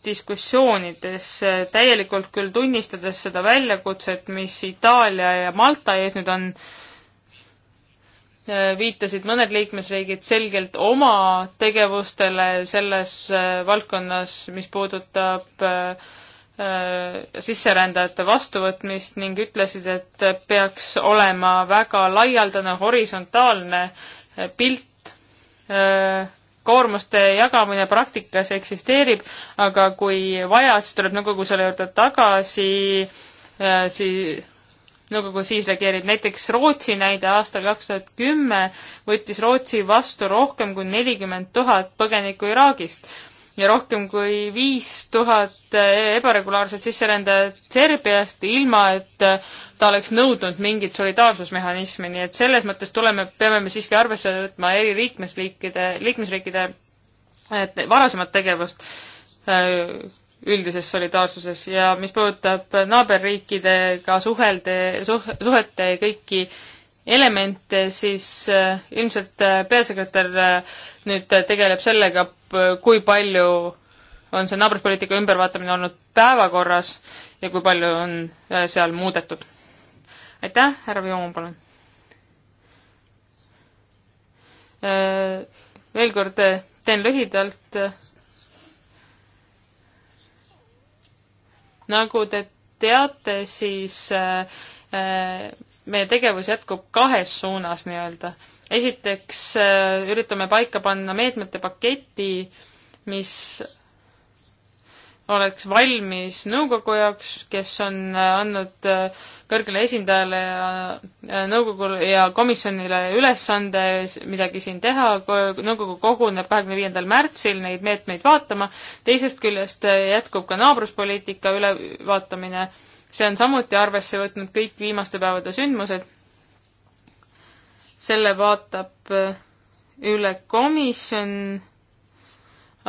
diskussioonides täielikult küll tunnistades seda väljakutset, mis Itaalia ja Malta ees nüüd on, Äh, viitasid mõned liikmesriigid selgelt oma tegevustele selles äh, valdkonnas, mis puudutab äh, sisserändajate vastuvõtmist ning ütlesid, et peaks olema väga laialdane horisontaalne pilt. koormuste jagamine praktikas eksisteerib, aga kui vaja, siis tuleb nõukogu selle juurde tagasi, siis nõukogu siis reageerib. näiteks Rootsi näide aastal kaks tuhat kümme võttis Rootsi vastu rohkem kui nelikümmend tuhat põgenikku Iraagist ja rohkem kui viis tuhat eh, ebaregulaarset sisserändajat Serbiast, ilma et ta oleks nõudnud mingit solidaarsusmehhanismi, nii et selles mõttes tuleme, peame me siiski arvesse võtma eri liikmesriikide, liikmesriikide eh, varasemat tegevust eh, üldises solidaarsuses ja mis puudutab naaberriikidega suhelde suh,, suhete kõiki elemente, siis äh, ilmselt äh, peasekretär äh, nüüd tegeleb sellega, kui palju on see naabruspoliitika ümbervaatamine olnud päevakorras ja kui palju on seal muudetud. aitäh, härra Vioon, palun. veel kord teen lühidalt nagu te teate, siis äh, äh, meie tegevus jätkub kahes suunas nii-öelda. esiteks äh, üritame paika panna meetmete paketi, mis oleks valmis nõukogu jaoks, kes on äh, andnud äh, kõrgele esindajale ja äh, nõukogule ja komisjonile ülesande midagi siin teha, nõukogu koguneb kahekümne viiendal märtsil neid meetmeid vaatama, teisest küljest jätkub ka naabruspoliitika ülevaatamine, see on samuti arvesse võtnud kõik viimaste päevade sündmused, selle vaatab üle komisjon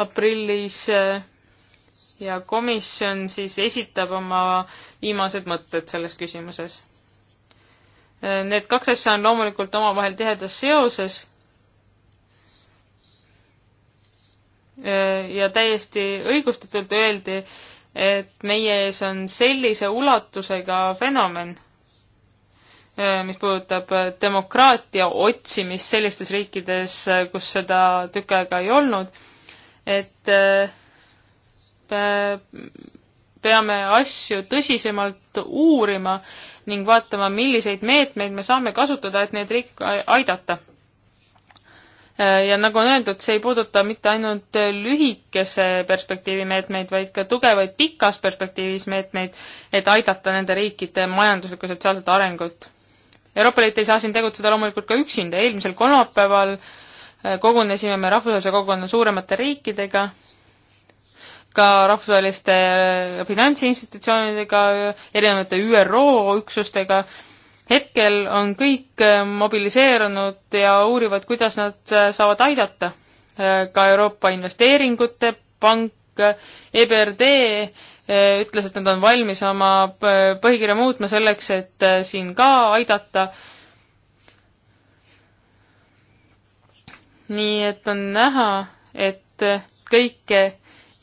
aprillis ja komisjon siis esitab oma viimased mõtted selles küsimuses. Need kaks asja on loomulikult omavahel tihedas seoses ja täiesti õigustatult öeldi, et meie ees on sellise ulatusega fenomen, mis puudutab demokraatia otsimist sellistes riikides, kus seda tükk aega ei olnud, et äh, peame asju tõsisemalt uurima ning vaatama, milliseid meetmeid me saame kasutada, et neid riike aidata. ja nagu on öeldud, see ei puuduta mitte ainult lühikese perspektiivi meetmeid, vaid ka tugevaid pikas perspektiivis meetmeid, et aidata nende riikide majanduslikku ja sotsiaalset arengut. Euroopa Liit ei saa siin tegutseda loomulikult ka üksinda, eelmisel kolmapäeval eh, kogunesime me rahvusvahelise kogukonna suuremate riikidega ka rahvusvaheliste finantsinstitutsioonidega, erinevate ÜRO üksustega. hetkel on kõik äh, mobiliseerunud ja uurivad, kuidas nad äh, saavad aidata. Äh, ka Euroopa Investeeringute Pank, EBRD ütles, et nad on valmis oma põhikirja muutma selleks, et siin ka aidata nii et on näha, et kõike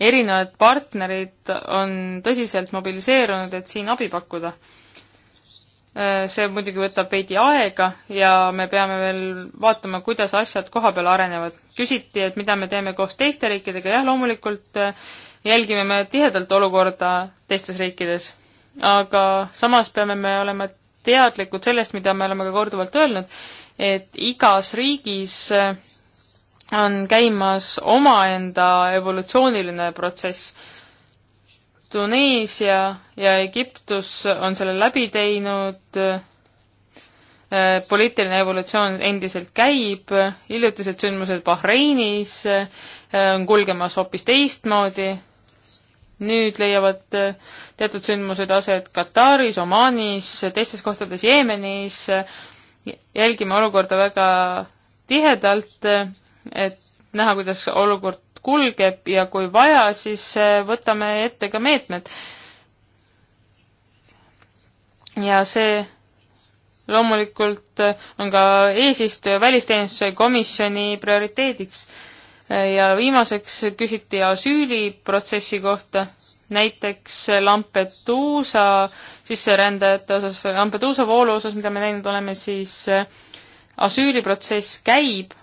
erinevad partnerid on tõsiselt mobiliseerunud, et siin abi pakkuda. Äh, see muidugi võtab veidi aega ja me peame veel vaatama, kuidas asjad kohapeal arenevad. küsiti, et mida me teeme koos teiste riikidega, jah, loomulikult äh, jälgime me tihedalt olukorda teistes riikides, aga samas peame me olema teadlikud sellest, mida me oleme ka korduvalt öelnud, et igas riigis äh, on käimas omaenda evolutsiooniline protsess. Tuneesia ja Egiptus on selle läbi teinud, äh, poliitiline evolutsioon endiselt käib, hiljutised sündmused Bahreinis äh, on kulgemas hoopis teistmoodi, nüüd leiavad äh, teatud sündmused aset Kataris, Omaanis, teistes kohtades Jeemenis, jälgime olukorda väga tihedalt et näha, kuidas olukord kulgeb ja kui vaja, siis eh, võtame ette ka meetmed. ja see loomulikult eh, on ka eesistuja välisteenistuse komisjoni prioriteediks. Eh, ja viimaseks küsiti asüüliprotsessi kohta, näiteks Lampeduusa sisserändajate osas, Lampeduusa voolu osas, mida me näinud oleme, siis asüüliprotsess käib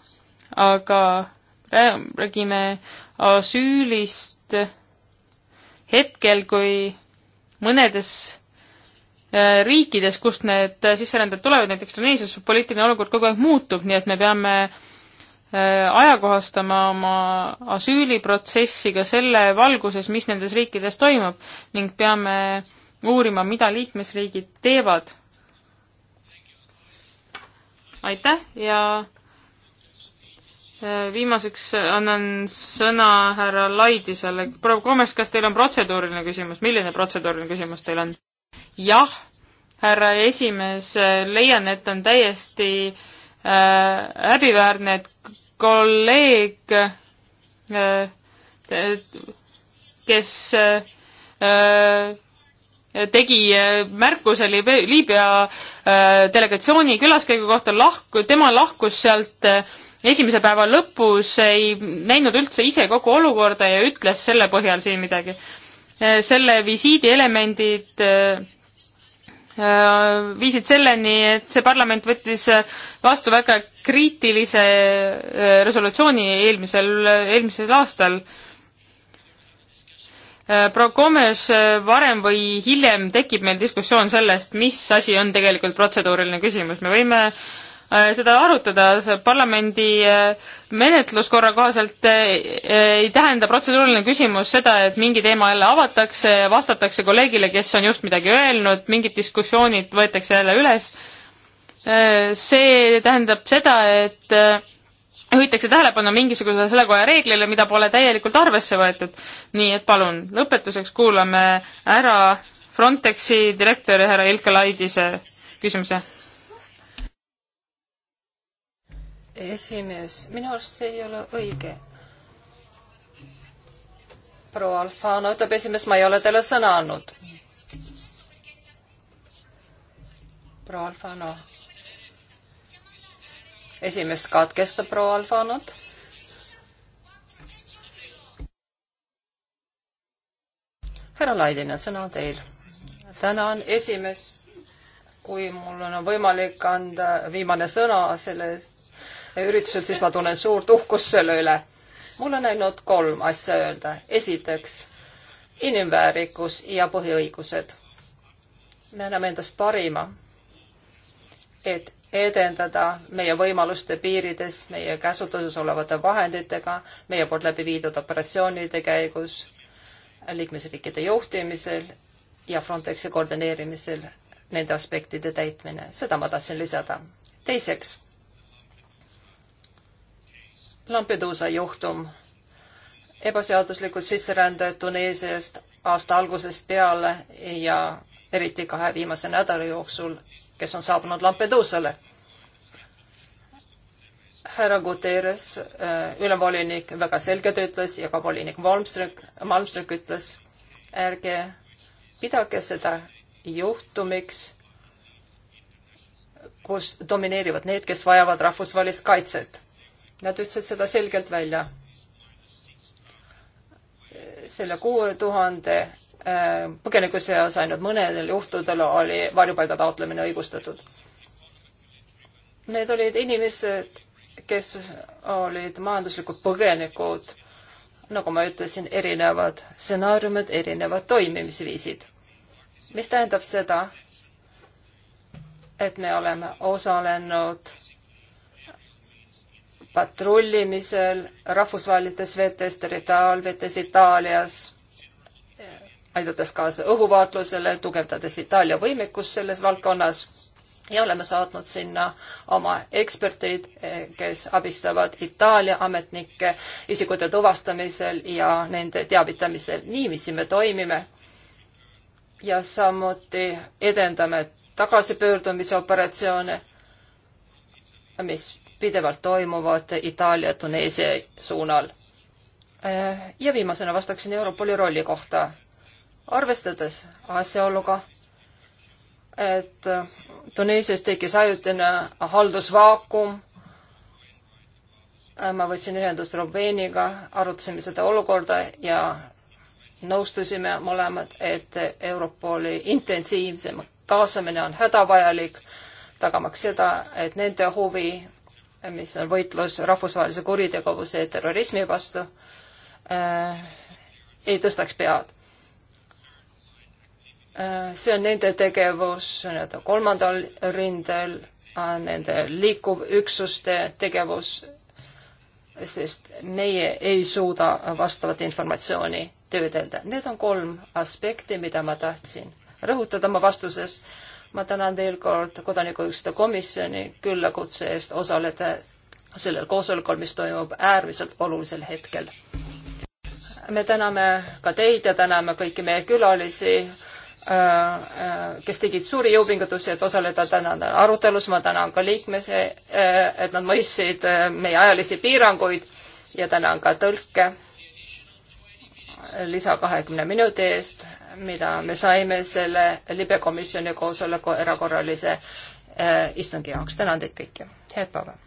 aga räägime asüülist hetkel, kui mõnedes äh, riikides, kust need äh, sisserändajad tulevad, näiteks Tuneesias, poliitiline olukord kogu aeg muutub, nii et me peame äh, ajakohastama oma asüüliprotsessi ka selle valguses, mis nendes riikides toimub ning peame uurima, mida liikmesriigid teevad. aitäh ja Äh, viimaseks annan sõna härra Laidisele. proua Komes, kas teil on protseduuriline küsimus, milline protseduuriline küsimus teil on? jah, härra esimees, äh, leian, et on täiesti äh, häbiväärne, et kolleeg äh,, kes äh, äh tegi märkuse Liibüa delegatsiooni külaskäigu kohta, lahku, tema lahkus sealt äh, esimese päeva lõpus ei näinud üldse ise kogu olukorda ja ütles selle põhjal siin midagi. Eh, selle visiidi elemendid eh, eh, viisid selleni, et see parlament võttis vastu väga kriitilise resolutsiooni eelmisel, eelmisel aastal proua Gomes, varem või hiljem tekib meil diskussioon sellest, mis asi on tegelikult protseduuriline küsimus, me võime Äh, seda arutada, parlamendi äh, menetluskorra kohaselt äh, ei tähenda protseduuriline küsimus seda, et mingi teema jälle avatakse, vastatakse kolleegile, kes on just midagi öelnud, mingid diskussioonid võetakse jälle üles. see tähendab seda, et juhitakse tähelepanu mingisugusele selle koja reeglile, mida pole täielikult arvesse võetud. nii et palun, lõpetuseks kuulame ära Frontexi direktori härra Ilka Laidise küsimuse esimees, minu arust see ei ole õige. proua Alfano ütleb esimees, ma ei ole teile sõna andnud. proua Alfano. esimest katkestab proua Alfanot härra Laidina, sõna on teil. tänan, esimees, kui mul on võimalik anda viimane sõna selle üritusel, siis ma tunnen suurt uhkust selle üle. mul on ainult kolm asja öelda. esiteks, inimväärikus ja põhiõigused. me anname endast parima, et edendada meie võimaluste piirides, meie käsutuses olevate vahenditega, meie poolt läbi viidud operatsioonide käigus, liikmesriikide juhtimisel ja Frontexi koordineerimisel nende aspektide täitmine. seda ma tahtsin lisada. teiseks Lampedusa juhtum, ebaseaduslikud sisserändajad Tuneesiast aasta algusest peale ja eriti kahe viimase nädala jooksul, kes on saabunud Lampedusale. härra Guterres, äh, ülemvolinik, väga selgelt ütles ja ka volinik Malmström, Malmström ütles, ärge pidage seda juhtumiks, kus domineerivad need, kes vajavad rahvusvahelist kaitset Nad ütlesid seda selgelt välja. selle kuue tuhande äh, põgeniku seas ainult mõnedel juhtudel oli varjupaiga taotlemine õigustatud. Need olid inimesed, kes olid majanduslikud põgenikud, nagu ma ütlesin, erinevad stsenaariumid, erinevad toimimisviisid. mis tähendab seda, et me oleme osalenud patrullimisel rahvusvahelistes vetes, territoriaalvetes Itaalias, aidates kaasa õhuvaatlusele, tugevdades Itaalia võimekust selles valdkonnas ja oleme saatnud sinna oma eksperteid, kes abistavad Itaalia ametnikke isikute tuvastamisel ja nende teavitamisel. niiviisi me toimime. ja samuti edendame tagasipöördumise operatsioone, mis pidevalt toimuvad Itaalia, Tuneesia suunal. Äh, ja viimasena vastaksin Europoli rolli kohta. arvestades asjaoluga, et Tuneesias tekkis ajutine haldusvaakum. Äh, ma võtsin ühendust Rubeeniga, arutasime seda olukorda ja nõustusime mõlemad, et Europoli intensiivsem kaasamine on hädavajalik, tagamaks seda, et nende huvi, mis on võitlus rahvusvahelise kuritegevuse ja terrorismi vastu äh,, ei tõstaks pead äh,. see on nende tegevus nii-öelda kolmandal rindel, äh, nende liikuvüksuste tegevus, sest meie ei suuda vastavat informatsiooni töödelda. Need on kolm aspekti, mida ma tahtsin rõhutada oma vastuses äh, ma tänan veel kord Kodanikuühiskonna komisjoni küllakutse eest osaleda sellel koosolekul, mis toimub äärmiselt olulisel hetkel. me täname ka teid ja täname kõiki meie külalisi, äh, äh, kes tegid suuri jõupingutusi, et osaleda tänane arutelus. ma tänan ka liikmese, äh, et nad mõistsid meie ajalisi piiranguid ja tänan ka tõlke lisa kahekümne minuti eest mida me saime selle libekomisjoni koosoleku erakorralise äh, istungi jaoks. tänan teid kõiki, head päeva!